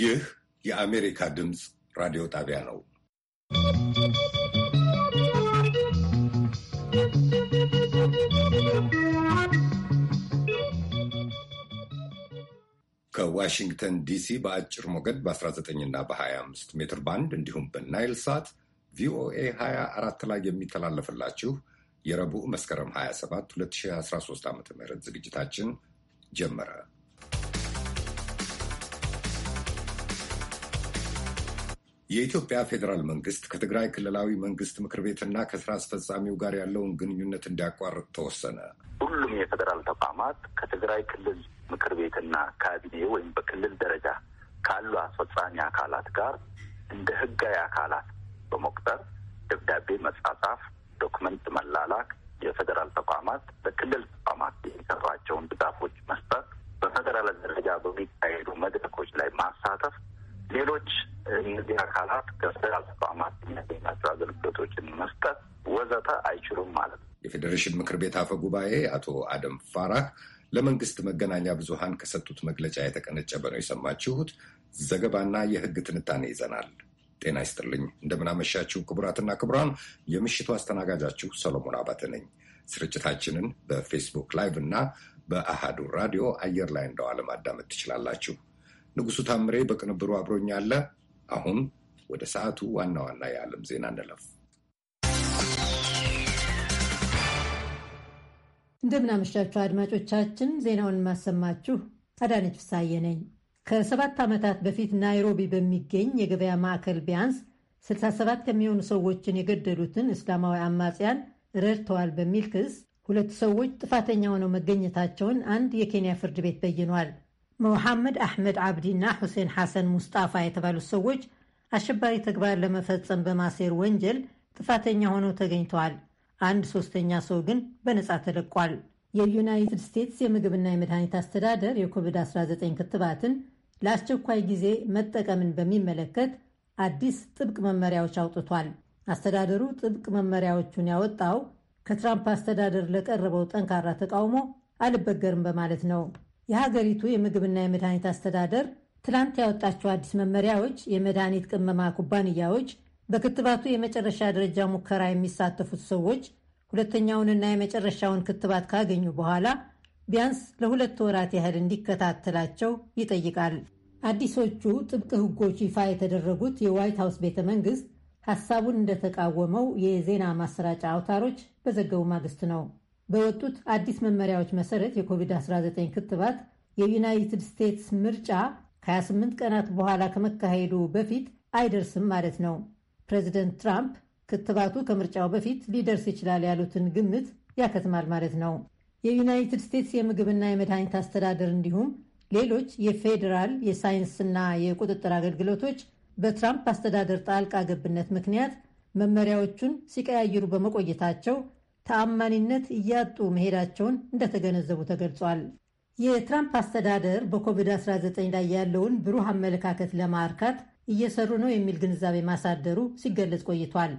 ይህ የአሜሪካ ድምፅ ራዲዮ ጣቢያ ነው። ከዋሽንግተን ዲሲ በአጭር ሞገድ በ19 እና በ25 ሜትር ባንድ እንዲሁም በናይል ሳት ቪኦኤ 24 ላይ የሚተላለፍላችሁ የረቡዕ መስከረም 27 2013 ዓ ም ዝግጅታችን ጀመረ። የኢትዮጵያ ፌዴራል መንግስት ከትግራይ ክልላዊ መንግስት ምክር ቤትና ከስራ አስፈጻሚው ጋር ያለውን ግንኙነት እንዲያቋርጥ ተወሰነ። ሁሉም የፌዴራል ተቋማት ከትግራይ ክልል ምክር ቤትና ካቢኔ ወይም በክልል ደረጃ ካሉ አስፈጻሚ አካላት ጋር እንደ ህጋዊ አካላት በመቁጠር ደብዳቤ መጻጻፍ፣ ዶክመንት መላላክ፣ የፌዴራል ተቋማት በክልል ተቋማት የሚሰሯቸውን ድጋፎች መስጠት፣ በፌዴራል ደረጃ በሚካሄዱ መድረኮች ላይ ማሳተፍ ሌሎች እነዚህ አካላት ከስራ ተቋማት የሚያገኛቸው አገልግሎቶችን መስጠት ወዘተ አይችሉም ማለት ነው። የፌዴሬሽን ምክር ቤት አፈ ጉባኤ አቶ አደም ፋራህ ለመንግስት መገናኛ ብዙሃን ከሰጡት መግለጫ የተቀነጨበ ነው የሰማችሁት። ዘገባና የህግ ትንታኔ ይዘናል። ጤና ይስጥልኝ፣ እንደምናመሻችሁ ክቡራትና ክቡራን። የምሽቱ አስተናጋጃችሁ ሰሎሞን አባተ ነኝ። ስርጭታችንን በፌስቡክ ላይቭ እና በአሃዱ ራዲዮ አየር ላይ እንደዋለ ማዳመጥ ትችላላችሁ። ንጉሱ ታምሬ በቅንብሩ አብሮኛለ። አሁን ወደ ሰዓቱ ዋና ዋና የዓለም ዜና እንለፍ። እንደምናመሻችሁ አድማጮቻችን፣ ዜናውን የማሰማችሁ አዳነች ፍሳዬ ነኝ። ከሰባት ዓመታት በፊት ናይሮቢ በሚገኝ የገበያ ማዕከል ቢያንስ 67 የሚሆኑ ሰዎችን የገደሉትን እስላማዊ አማጽያን ረድተዋል በሚል ክስ ሁለት ሰዎች ጥፋተኛ ሆነው መገኘታቸውን አንድ የኬንያ ፍርድ ቤት በይኗል። መሐመድ አሕመድ ዓብዲና ሁሴን ሐሰን ሙስጣፋ የተባሉት ሰዎች አሸባሪ ተግባር ለመፈጸም በማሴር ወንጀል ጥፋተኛ ሆነው ተገኝተዋል። አንድ ሶስተኛ ሰው ግን በነፃ ተለቋል። የዩናይትድ ስቴትስ የምግብና የመድኃኒት አስተዳደር የኮቪድ-19 ክትባትን ለአስቸኳይ ጊዜ መጠቀምን በሚመለከት አዲስ ጥብቅ መመሪያዎች አውጥቷል። አስተዳደሩ ጥብቅ መመሪያዎቹን ያወጣው ከትራምፕ አስተዳደር ለቀረበው ጠንካራ ተቃውሞ አልበገርም በማለት ነው። የሀገሪቱ የምግብና የመድኃኒት አስተዳደር ትላንት ያወጣቸው አዲስ መመሪያዎች የመድኃኒት ቅመማ ኩባንያዎች በክትባቱ የመጨረሻ ደረጃ ሙከራ የሚሳተፉት ሰዎች ሁለተኛውንና የመጨረሻውን ክትባት ካገኙ በኋላ ቢያንስ ለሁለት ወራት ያህል እንዲከታተላቸው ይጠይቃል። አዲሶቹ ጥብቅ ሕጎች ይፋ የተደረጉት የዋይት ሀውስ ቤተ መንግስት ሀሳቡን እንደተቃወመው የዜና ማሰራጫ አውታሮች በዘገቡ ማግስት ነው። በወጡት አዲስ መመሪያዎች መሰረት የኮቪድ-19 ክትባት የዩናይትድ ስቴትስ ምርጫ ከ28 ቀናት በኋላ ከመካሄዱ በፊት አይደርስም ማለት ነው። ፕሬዚደንት ትራምፕ ክትባቱ ከምርጫው በፊት ሊደርስ ይችላል ያሉትን ግምት ያከትማል ማለት ነው። የዩናይትድ ስቴትስ የምግብና የመድኃኒት አስተዳደር እንዲሁም ሌሎች የፌዴራል የሳይንስና የቁጥጥር አገልግሎቶች በትራምፕ አስተዳደር ጣልቃ ገብነት ምክንያት መመሪያዎቹን ሲቀያይሩ በመቆየታቸው ተአማኒነት እያጡ መሄዳቸውን እንደተገነዘቡ ተገልጿል። የትራምፕ አስተዳደር በኮቪድ-19 ላይ ያለውን ብሩህ አመለካከት ለማርካት እየሰሩ ነው የሚል ግንዛቤ ማሳደሩ ሲገለጽ ቆይቷል።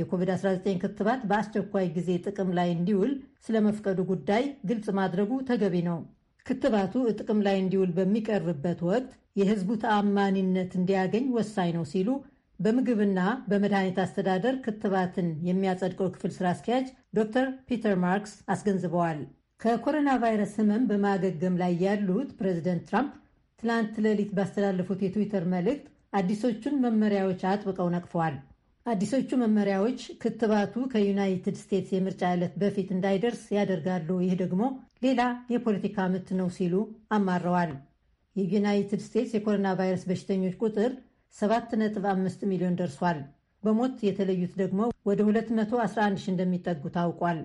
የኮቪድ-19 ክትባት በአስቸኳይ ጊዜ ጥቅም ላይ እንዲውል ስለመፍቀዱ ጉዳይ ግልጽ ማድረጉ ተገቢ ነው። ክትባቱ ጥቅም ላይ እንዲውል በሚቀርብበት ወቅት የሕዝቡ ተአማኒነት እንዲያገኝ ወሳኝ ነው ሲሉ በምግብና በመድኃኒት አስተዳደር ክትባትን የሚያጸድቀው ክፍል ስራ አስኪያጅ ዶክተር ፒተር ማርክስ አስገንዝበዋል። ከኮሮና ቫይረስ ህመም በማገገም ላይ ያሉት ፕሬዚደንት ትራምፕ ትላንት ሌሊት ባስተላለፉት የትዊተር መልእክት አዲሶቹን መመሪያዎች አጥብቀው ነቅፈዋል። አዲሶቹ መመሪያዎች ክትባቱ ከዩናይትድ ስቴትስ የምርጫ ዕለት በፊት እንዳይደርስ ያደርጋሉ። ይህ ደግሞ ሌላ የፖለቲካ ምት ነው ሲሉ አማረዋል። የዩናይትድ ስቴትስ የኮሮና ቫይረስ በሽተኞች ቁጥር 7.5 ሚሊዮን ደርሷል። በሞት የተለዩት ደግሞ ወደ 211 ሺህ እንደሚጠጉ ታውቋል።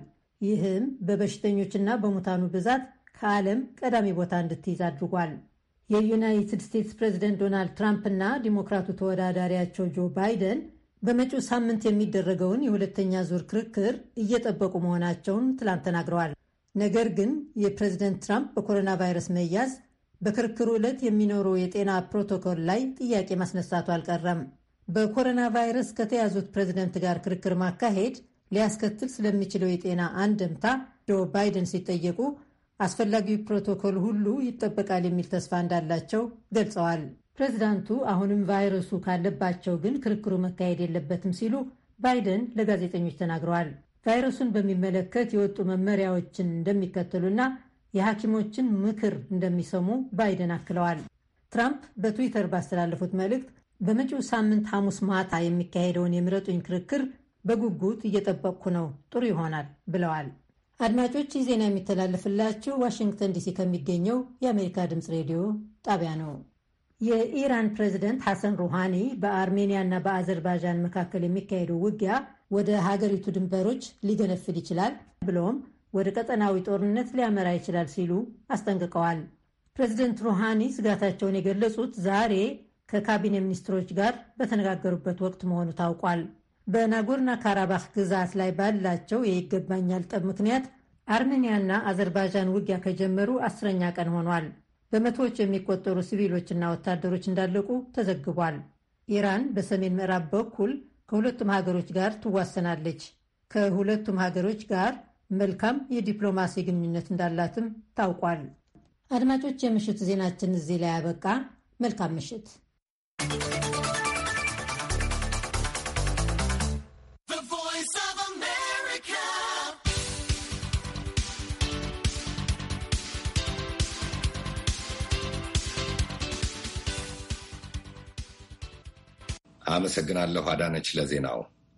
ይህም በበሽተኞችና በሙታኑ ብዛት ከዓለም ቀዳሚ ቦታ እንድትይዝ አድርጓል። የዩናይትድ ስቴትስ ፕሬዚደንት ዶናልድ ትራምፕ እና ዲሞክራቱ ተወዳዳሪያቸው ጆ ባይደን በመጪው ሳምንት የሚደረገውን የሁለተኛ ዙር ክርክር እየጠበቁ መሆናቸውን ትላንት ተናግረዋል። ነገር ግን የፕሬዚደንት ትራምፕ በኮሮና ቫይረስ መያዝ በክርክሩ ዕለት የሚኖረው የጤና ፕሮቶኮል ላይ ጥያቄ ማስነሳቱ አልቀረም። በኮሮና ቫይረስ ከተያዙት ፕሬዝደንት ጋር ክርክር ማካሄድ ሊያስከትል ስለሚችለው የጤና አንድምታ ጆ ባይደን ሲጠየቁ አስፈላጊው ፕሮቶኮል ሁሉ ይጠበቃል የሚል ተስፋ እንዳላቸው ገልጸዋል። ፕሬዚዳንቱ አሁንም ቫይረሱ ካለባቸው ግን ክርክሩ መካሄድ የለበትም ሲሉ ባይደን ለጋዜጠኞች ተናግረዋል። ቫይረሱን በሚመለከት የወጡ መመሪያዎችን እንደሚከተሉና የሐኪሞችን ምክር እንደሚሰሙ ባይደን አክለዋል። ትራምፕ በትዊተር ባስተላለፉት መልእክት በመጪው ሳምንት ሐሙስ ማታ የሚካሄደውን የምረጡኝ ክርክር በጉጉት እየጠበቅኩ ነው፣ ጥሩ ይሆናል ብለዋል። አድማጮች ይህ ዜና የሚተላለፍላችሁ ዋሽንግተን ዲሲ ከሚገኘው የአሜሪካ ድምፅ ሬዲዮ ጣቢያ ነው። የኢራን ፕሬዚደንት ሐሰን ሩሃኒ በአርሜኒያና በአዘርባይጃን መካከል የሚካሄደው ውጊያ ወደ ሀገሪቱ ድንበሮች ሊገነፍል ይችላል ብሎም ወደ ቀጠናዊ ጦርነት ሊያመራ ይችላል ሲሉ አስጠንቅቀዋል። ፕሬዚደንት ሩሃኒ ስጋታቸውን የገለጹት ዛሬ ከካቢኔ ሚኒስትሮች ጋር በተነጋገሩበት ወቅት መሆኑ ታውቋል። በናጎርና ካራባክ ግዛት ላይ ባላቸው የይገባኛል ጠብ ምክንያት አርሜኒያና አዘርባይጃን ውጊያ ከጀመሩ አስረኛ ቀን ሆኗል። በመቶዎች የሚቆጠሩ ሲቪሎችና ወታደሮች እንዳለቁ ተዘግቧል። ኢራን በሰሜን ምዕራብ በኩል ከሁለቱም ሀገሮች ጋር ትዋሰናለች። ከሁለቱም ሀገሮች ጋር መልካም የዲፕሎማሲ ግንኙነት እንዳላትም ታውቋል። አድማጮች፣ የምሽት ዜናችን እዚህ ላይ ያበቃ። መልካም ምሽት። አመሰግናለሁ አዳነች ለዜናው።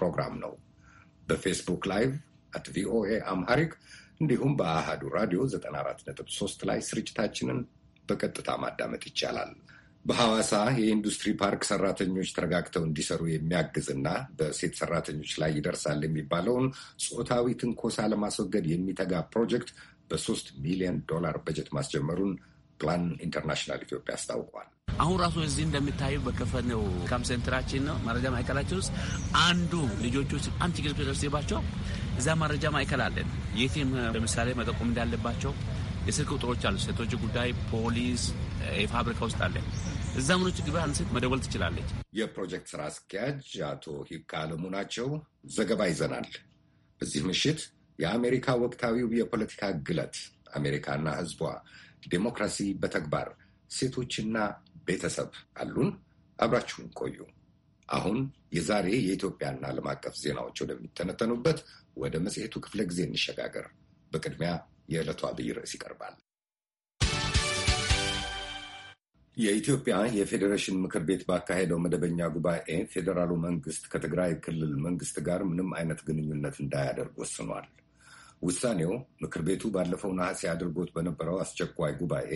ፕሮግራም ነው። በፌስቡክ ላይቭ አት ቪኦኤ አምሃሪክ እንዲሁም በአሃዱ ራዲዮ 94.3 ላይ ስርጭታችንን በቀጥታ ማዳመጥ ይቻላል። በሐዋሳ የኢንዱስትሪ ፓርክ ሰራተኞች ተረጋግተው እንዲሰሩ የሚያግዝና በሴት ሰራተኞች ላይ ይደርሳል የሚባለውን ጾታዊ ትንኮሳ ለማስወገድ የሚተጋ ፕሮጀክት በሶስት ሚሊዮን ዶላር በጀት ማስጀመሩን ፕላን ኢንተርናሽናል ኢትዮጵያ አስታውቋል። አሁን ራሱ እዚህ እንደምታዩ በከፈነው ካምሴንትራችን ነው መረጃ ማዕከላችን ውስጥ አንዱ ልጆቹ አንድ ችግር ደርሴባቸው እዛ መረጃ ማዕከል አለን። የትም ለምሳሌ መጠቆም እንዳለባቸው የስልክ ቁጥሮች አሉ። ሴቶች ጉዳይ፣ ፖሊስ፣ የፋብሪካ ውስጥ አለን። እዛ ምኖች ችግር አንስት መደወል ትችላለች። የፕሮጀክት ስራ አስኪያጅ አቶ ሂካ አለሙ ናቸው። ዘገባ ይዘናል። በዚህ ምሽት የአሜሪካ ወቅታዊው የፖለቲካ ግለት አሜሪካና ህዝቧ ዴሞክራሲ በተግባር ሴቶችና ቤተሰብ አሉን። አብራችሁን ቆዩ። አሁን የዛሬ የኢትዮጵያና ዓለም አቀፍ ዜናዎች ወደሚተነተኑበት ወደ መጽሔቱ ክፍለ ጊዜ እንሸጋገር። በቅድሚያ የዕለቱ አብይ ርዕስ ይቀርባል። የኢትዮጵያ የፌዴሬሽን ምክር ቤት ባካሄደው መደበኛ ጉባኤ ፌዴራሉ መንግስት ከትግራይ ክልል መንግስት ጋር ምንም አይነት ግንኙነት እንዳያደርግ ወስኗል። ውሳኔው ምክር ቤቱ ባለፈው ነሐሴ አድርጎት በነበረው አስቸኳይ ጉባኤ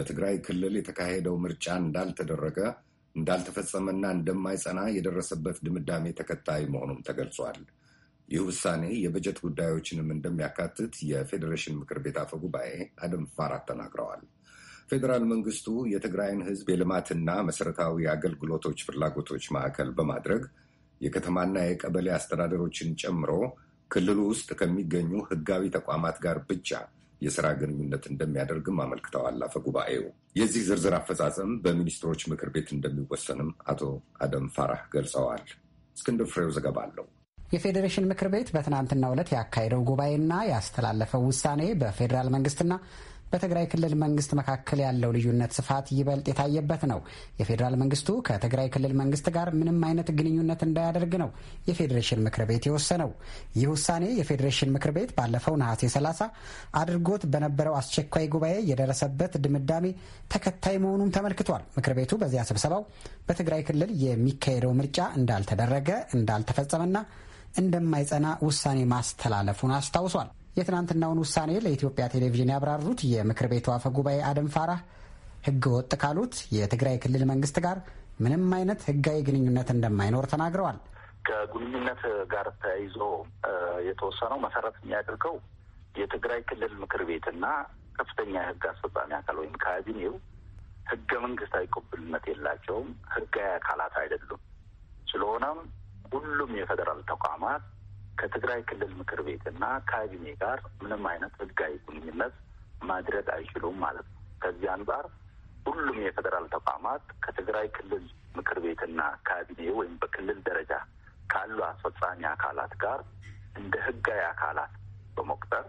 በትግራይ ክልል የተካሄደው ምርጫ እንዳልተደረገ እንዳልተፈጸመና እንደማይጸና የደረሰበት ድምዳሜ ተከታይ መሆኑም ተገልጿል። ይህ ውሳኔ የበጀት ጉዳዮችንም እንደሚያካትት የፌዴሬሽን ምክር ቤት አፈ ጉባኤ አደም ፋራት ተናግረዋል። ፌዴራል መንግስቱ የትግራይን ሕዝብ የልማትና መሰረታዊ አገልግሎቶች ፍላጎቶች ማዕከል በማድረግ የከተማና የቀበሌ አስተዳደሮችን ጨምሮ ክልሉ ውስጥ ከሚገኙ ሕጋዊ ተቋማት ጋር ብቻ የስራ ግንኙነት እንደሚያደርግም አመልክተዋል። አፈ ጉባኤው የዚህ ዝርዝር አፈጻጸም በሚኒስትሮች ምክር ቤት እንደሚወሰንም አቶ አደም ፋራህ ገልጸዋል። እስክንድር ፍሬው ዘገባ አለው። የፌዴሬሽን ምክር ቤት በትናንትናው ዕለት ያካሄደው ጉባኤና ያስተላለፈው ውሳኔ በፌዴራል መንግስትና በትግራይ ክልል መንግስት መካከል ያለው ልዩነት ስፋት ይበልጥ የታየበት ነው። የፌዴራል መንግስቱ ከትግራይ ክልል መንግስት ጋር ምንም አይነት ግንኙነት እንዳያደርግ ነው የፌዴሬሽን ምክር ቤት የወሰነው። ይህ ውሳኔ የፌዴሬሽን ምክር ቤት ባለፈው ነሐሴ 30 አድርጎት በነበረው አስቸኳይ ጉባኤ የደረሰበት ድምዳሜ ተከታይ መሆኑም ተመልክቷል። ምክር ቤቱ በዚያ ስብሰባው በትግራይ ክልል የሚካሄደው ምርጫ እንዳልተደረገ እንዳልተፈጸመና እንደማይጸና ውሳኔ ማስተላለፉን አስታውሷል። የትናንትናውን ውሳኔ ለኢትዮጵያ ቴሌቪዥን ያብራሩት የምክር ቤቱ አፈ ጉባኤ አደም ፋራህ ህገወጥ ካሉት የትግራይ ክልል መንግስት ጋር ምንም አይነት ህጋዊ ግንኙነት እንደማይኖር ተናግረዋል። ከግንኙነት ጋር ተያይዞ የተወሰነው መሰረት የሚያደርገው የትግራይ ክልል ምክር ቤትና ከፍተኛ የህግ አስፈጻሚ አካል ወይም ካቢኔው ህገ መንግስታዊ ቅቡልነት የላቸውም፣ ህጋዊ አካላት አይደሉም። ስለሆነም ሁሉም የፌዴራል ተቋማት ከትግራይ ክልል ምክር ቤትና ካቢኔ ጋር ምንም አይነት ህጋዊ ግንኙነት ማድረግ አይችሉም ማለት ነው። ከዚህ አንጻር ሁሉም የፌዴራል ተቋማት ከትግራይ ክልል ምክር ቤትና ካቢኔ ወይም በክልል ደረጃ ካሉ አስፈጻሚ አካላት ጋር እንደ ህጋዊ አካላት በመቁጠር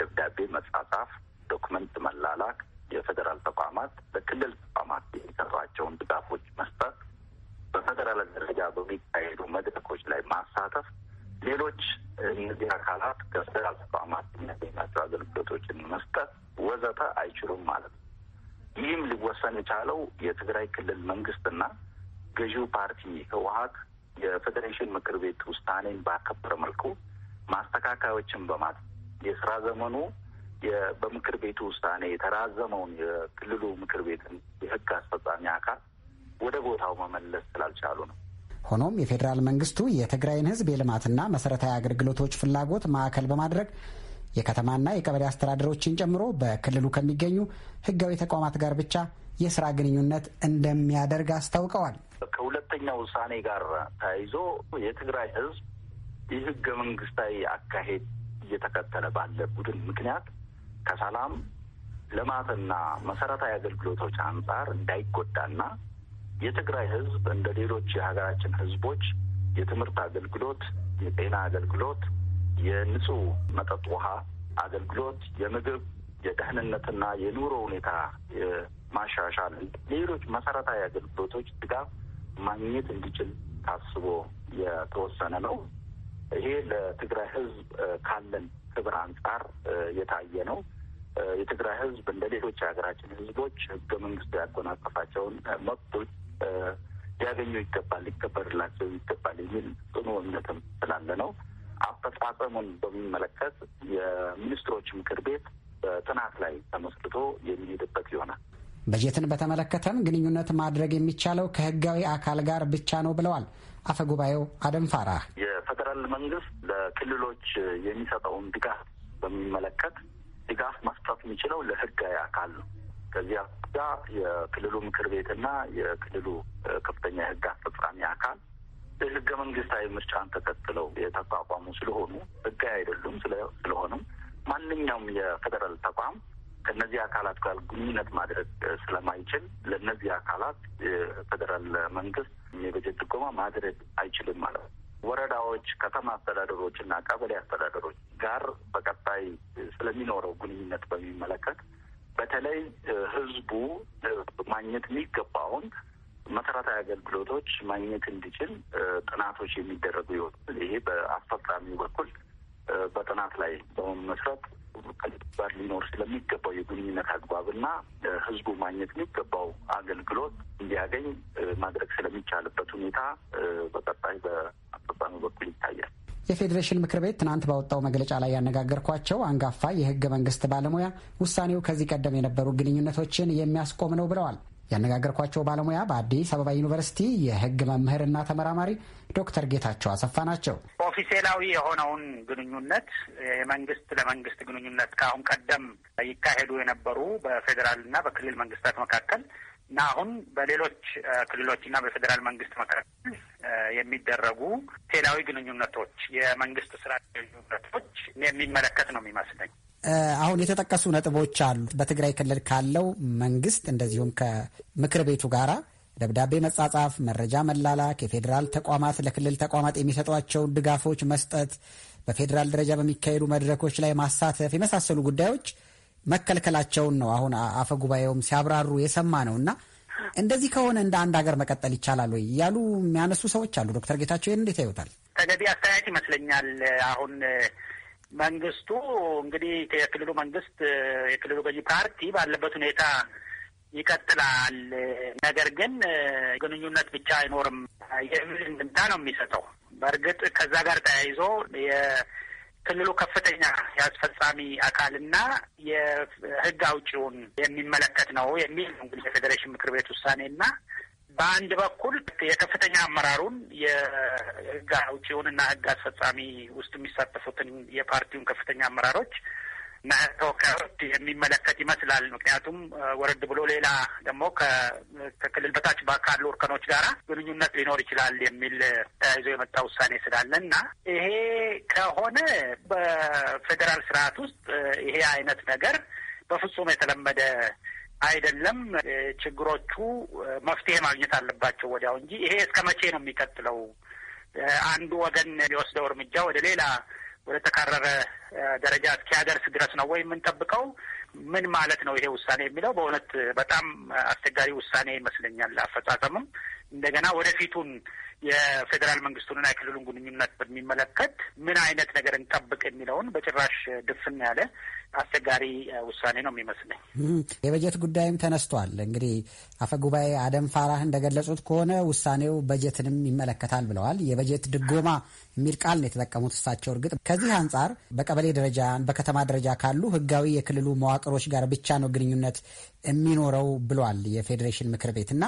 ደብዳቤ መጻጻፍ፣ ዶክመንት መላላክ፣ የፌዴራል ተቋማት በክልል ተቋማት የሚሰሯቸውን ድጋፎች መስጠት፣ በፌዴራል ደረጃ በሚካሄዱ መድረኮች ላይ ማሳተፍ ሌሎች እነዚህ አካላት ከፌዴራል ተቋማት የሚያገኛቸው አገልግሎቶችን መስጠት ወዘተ አይችሉም ማለት ነው። ይህም ሊወሰን የቻለው የትግራይ ክልል መንግስትና ገዢው ፓርቲ ህወሀት የፌዴሬሽን ምክር ቤት ውሳኔን ባከበረ መልኩ ማስተካከያዎችን በማት የስራ ዘመኑ በምክር ቤቱ ውሳኔ የተራዘመውን የክልሉ ምክር ቤትን የህግ አስፈጻሚ አካል ወደ ቦታው መመለስ ስላልቻሉ ነው። ሆኖም የፌዴራል መንግስቱ የትግራይን ህዝብ የልማትና መሰረታዊ አገልግሎቶች ፍላጎት ማዕከል በማድረግ የከተማና የቀበሌ አስተዳደሮችን ጨምሮ በክልሉ ከሚገኙ ህጋዊ ተቋማት ጋር ብቻ የስራ ግንኙነት እንደሚያደርግ አስታውቀዋል። ከሁለተኛ ውሳኔ ጋር ተያይዞ የትግራይ ህዝብ የህገ መንግስታዊ አካሄድ እየተከተለ ባለ ቡድን ምክንያት ከሰላም ልማትና መሰረታዊ አገልግሎቶች አንጻር እንዳይጎዳና የትግራይ ህዝብ እንደ ሌሎች የሀገራችን ህዝቦች የትምህርት አገልግሎት፣ የጤና አገልግሎት፣ የንጹህ መጠጥ ውሃ አገልግሎት፣ የምግብ የደህንነትና የኑሮ ሁኔታ የማሻሻል ሌሎች መሰረታዊ አገልግሎቶች ድጋፍ ማግኘት እንዲችል ታስቦ የተወሰነ ነው። ይሄ ለትግራይ ህዝብ ካለን ክብር አንጻር የታየ ነው። የትግራይ ህዝብ እንደ ሌሎች የሀገራችን ህዝቦች ህገ መንግስቱ ያጎናጸፋቸውን መብቶች ሊያገኘው ይገባል፣ ሊከበርላቸው ይገባል የሚል ጽኑ እምነትም ስላለ ነው። አፈጻጸሙን በሚመለከት የሚኒስትሮች ምክር ቤት በጥናት ላይ ተመስርቶ የሚሄድበት ይሆናል። በጀትን በተመለከተም ግንኙነት ማድረግ የሚቻለው ከህጋዊ አካል ጋር ብቻ ነው ብለዋል አፈ ጉባኤው አደም ፋራ። የፌዴራል መንግስት ለክልሎች የሚሰጠውን ድጋፍ በሚመለከት ድጋፍ መስጠት የሚችለው ለህጋዊ አካል ነው። ከዚህ ጋ የክልሉ ምክር ቤትና የክልሉ ከፍተኛ የህግ አስፈጻሚ አካል የህገ መንግስታዊ ምርጫን ተከትለው የተቋቋሙ ስለሆኑ ህጋዊ አይደሉም። ስለሆነም ማንኛውም የፌደራል ተቋም ከእነዚህ አካላት ጋር ግንኙነት ማድረግ ስለማይችል ለእነዚህ አካላት የፌደራል መንግስት የበጀት ድጎማ ማድረግ አይችልም ማለት ነው። ወረዳዎች፣ ከተማ አስተዳደሮች እና ቀበሌ አስተዳደሮች ጋር በቀጣይ ስለሚኖረው ግንኙነት በሚመለከት በተለይ ህዝቡ ማግኘት የሚገባውን መሰረታዊ አገልግሎቶች ማግኘት እንዲችል ጥናቶች የሚደረጉ ይሆናል። ይሄ በአስፈጻሚው በኩል በጥናት ላይ በመመስረት ባድ ሊኖር ስለሚገባው የግንኙነት አግባብና ህዝቡ ማግኘት የሚገባው አገልግሎት እንዲያገኝ ማድረግ ስለሚቻልበት ሁኔታ በቀጣይ በአስፈጻሚ በኩል ይታያል። የፌዴሬሽን ምክር ቤት ትናንት ባወጣው መግለጫ ላይ ያነጋገርኳቸው አንጋፋ የህገ መንግስት ባለሙያ ውሳኔው ከዚህ ቀደም የነበሩ ግንኙነቶችን የሚያስቆም ነው ብለዋል። ያነጋገርኳቸው ባለሙያ በአዲስ አበባ ዩኒቨርሲቲ የህግ መምህርና ተመራማሪ ዶክተር ጌታቸው አሰፋ ናቸው። ኦፊሴላዊ የሆነውን ግንኙነት የመንግስት ለመንግስት ግንኙነት ከአሁን ቀደም ይካሄዱ የነበሩ በፌዴራልና በክልል መንግስታት መካከል እና አሁን በሌሎች ክልሎች እና በፌዴራል መንግስት መካከል የሚደረጉ ሴላዊ ግንኙነቶች፣ የመንግስት ስራ ግንኙነቶች የሚመለከት ነው የሚመስለኝ። አሁን የተጠቀሱ ነጥቦች አሉ። በትግራይ ክልል ካለው መንግስት እንደዚሁም ከምክር ቤቱ ጋራ ደብዳቤ መጻጻፍ፣ መረጃ መላላክ፣ የፌዴራል ተቋማት ለክልል ተቋማት የሚሰጧቸውን ድጋፎች መስጠት፣ በፌዴራል ደረጃ በሚካሄዱ መድረኮች ላይ ማሳተፍ የመሳሰሉ ጉዳዮች መከልከላቸውን ነው አሁን አፈ ጉባኤውም ሲያብራሩ የሰማ ነው እና እንደዚህ ከሆነ እንደ አንድ ሀገር መቀጠል ይቻላል ወይ እያሉ የሚያነሱ ሰዎች አሉ። ዶክተር ጌታቸው ይህን እንዴት ያዩታል? ተገቢ አስተያየት ይመስለኛል። አሁን መንግስቱ እንግዲህ የክልሉ መንግስት የክልሉ ገዢ ፓርቲ ባለበት ሁኔታ ይቀጥላል። ነገር ግን ግንኙነት ብቻ አይኖርም የሚል እንድምታ ነው የሚሰጠው። በእርግጥ ከዛ ጋር ተያይዞ ክልሉ ከፍተኛ የአስፈጻሚ አካልና የህግ አውጪውን የሚመለከት ነው የሚል እንግዲህ የፌዴሬሽን ምክር ቤት ውሳኔና በአንድ በኩል የከፍተኛ አመራሩን የህግ አውጪውን እና ህግ አስፈጻሚ ውስጥ የሚሳተፉትን የፓርቲውን ከፍተኛ አመራሮች ተወካዮች የሚመለከት ይመስላል። ምክንያቱም ወረድ ብሎ ሌላ ደግሞ ከክልል በታች ካሉ እርከኖች ጋር ግንኙነት ሊኖር ይችላል የሚል ተያይዞ የመጣ ውሳኔ ስላለ እና ይሄ ከሆነ በፌዴራል ስርዓት ውስጥ ይሄ አይነት ነገር በፍጹም የተለመደ አይደለም። ችግሮቹ መፍትሄ ማግኘት አለባቸው ወዲያው እንጂ ይሄ እስከ መቼ ነው የሚቀጥለው? አንዱ ወገን የሚወስደው እርምጃ ወደ ሌላ ወደ ተካረረ ደረጃ እስኪያደርስ ድረስ ነው ወይ የምንጠብቀው? ምን ማለት ነው ይሄ ውሳኔ የሚለው? በእውነት በጣም አስቸጋሪ ውሳኔ ይመስለኛል። አፈጻጸምም እንደገና ወደፊቱን የፌዴራል መንግስቱንና የክልሉን ግንኙነት በሚመለከት ምን አይነት ነገር እንጠብቅ የሚለውን በጭራሽ ድፍን ያለ አስቸጋሪ ውሳኔ ነው የሚመስለኝ። የበጀት ጉዳይም ተነስቷል። እንግዲህ አፈጉባኤ አደም ፋራህ እንደገለጹት ከሆነ ውሳኔው በጀትንም ይመለከታል ብለዋል። የበጀት ድጎማ የሚል ቃል ነው የተጠቀሙት እሳቸው። እርግጥ ከዚህ አንጻር በቀበሌ ደረጃ፣ በከተማ ደረጃ ካሉ ህጋዊ የክልሉ መዋቅሮች ጋር ብቻ ነው ግንኙነት የሚኖረው ብሏል የፌዴሬሽን ምክር ቤት እና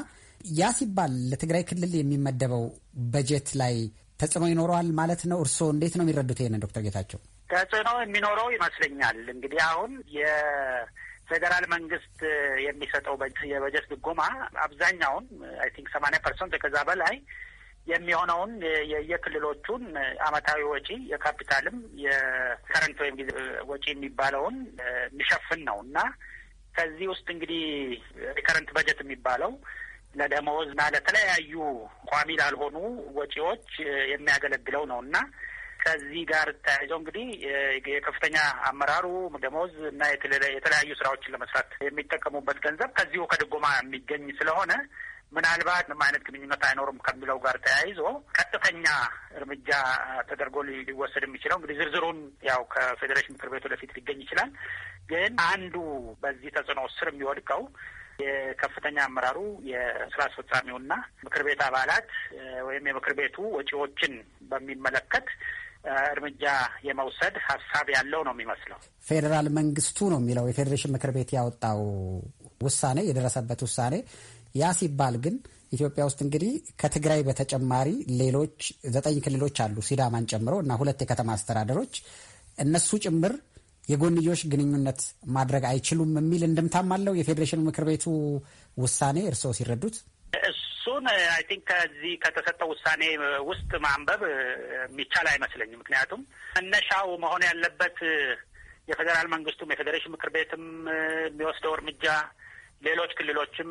ያ ሲባል ለትግራይ ክልል የሚመደበው በጀት ላይ ተጽዕኖ ይኖረዋል ማለት ነው። እርስዎ እንዴት ነው የሚረዱት ይሄንን ዶክተር ጌታቸው? ተጽዕኖ የሚኖረው ይመስለኛል። እንግዲህ አሁን የፌዴራል መንግስት የሚሰጠው የበጀት ድጎማ አብዛኛውን አይ ቲንክ ሰማንያ ፐርሰንት ከዛ በላይ የሚሆነውን የየክልሎቹን አመታዊ ወጪ የካፒታልም የከረንት ወይም ጊዜ ወጪ የሚባለውን የሚሸፍን ነው እና ከዚህ ውስጥ እንግዲህ የከረንት በጀት የሚባለው ለደመወዝ እና ለተለያዩ ቋሚ ላልሆኑ ወጪዎች የሚያገለግለው ነው እና ከዚህ ጋር ተያይዘው እንግዲህ የከፍተኛ አመራሩ ደሞዝ እና የተለያዩ ስራዎችን ለመስራት የሚጠቀሙበት ገንዘብ ከዚሁ ከድጎማ የሚገኝ ስለሆነ ምናልባት ምንም አይነት ግንኙነት አይኖርም ከሚለው ጋር ተያይዞ ቀጥተኛ እርምጃ ተደርጎ ሊወሰድ የሚችለው እንግዲህ ዝርዝሩን ያው ከፌዴሬሽን ምክር ቤት ወደፊት ሊገኝ ይችላል። ግን አንዱ በዚህ ተጽዕኖ ስር የሚወድቀው የከፍተኛ አመራሩ የስራ አስፈጻሚውና ምክር ቤት አባላት ወይም የምክር ቤቱ ወጪዎችን በሚመለከት እርምጃ የመውሰድ ሀሳብ ያለው ነው የሚመስለው። ፌዴራል መንግስቱ ነው የሚለው የፌዴሬሽን ምክር ቤት ያወጣው ውሳኔ የደረሰበት ውሳኔ። ያ ሲባል ግን ኢትዮጵያ ውስጥ እንግዲህ ከትግራይ በተጨማሪ ሌሎች ዘጠኝ ክልሎች አሉ ሲዳማን ጨምሮ እና ሁለት የከተማ አስተዳደሮች እነሱ ጭምር የጎንዮሽ ግንኙነት ማድረግ አይችሉም የሚል እንድምታም አለው የፌዴሬሽን ምክር ቤቱ ውሳኔ እርስዎ ሲረዱት? እሱን አይ ቲንክ ከዚህ ከተሰጠው ውሳኔ ውስጥ ማንበብ የሚቻል አይመስለኝም። ምክንያቱም መነሻው መሆን ያለበት የፌዴራል መንግስቱም የፌዴሬሽን ምክር ቤትም የሚወስደው እርምጃ ሌሎች ክልሎችም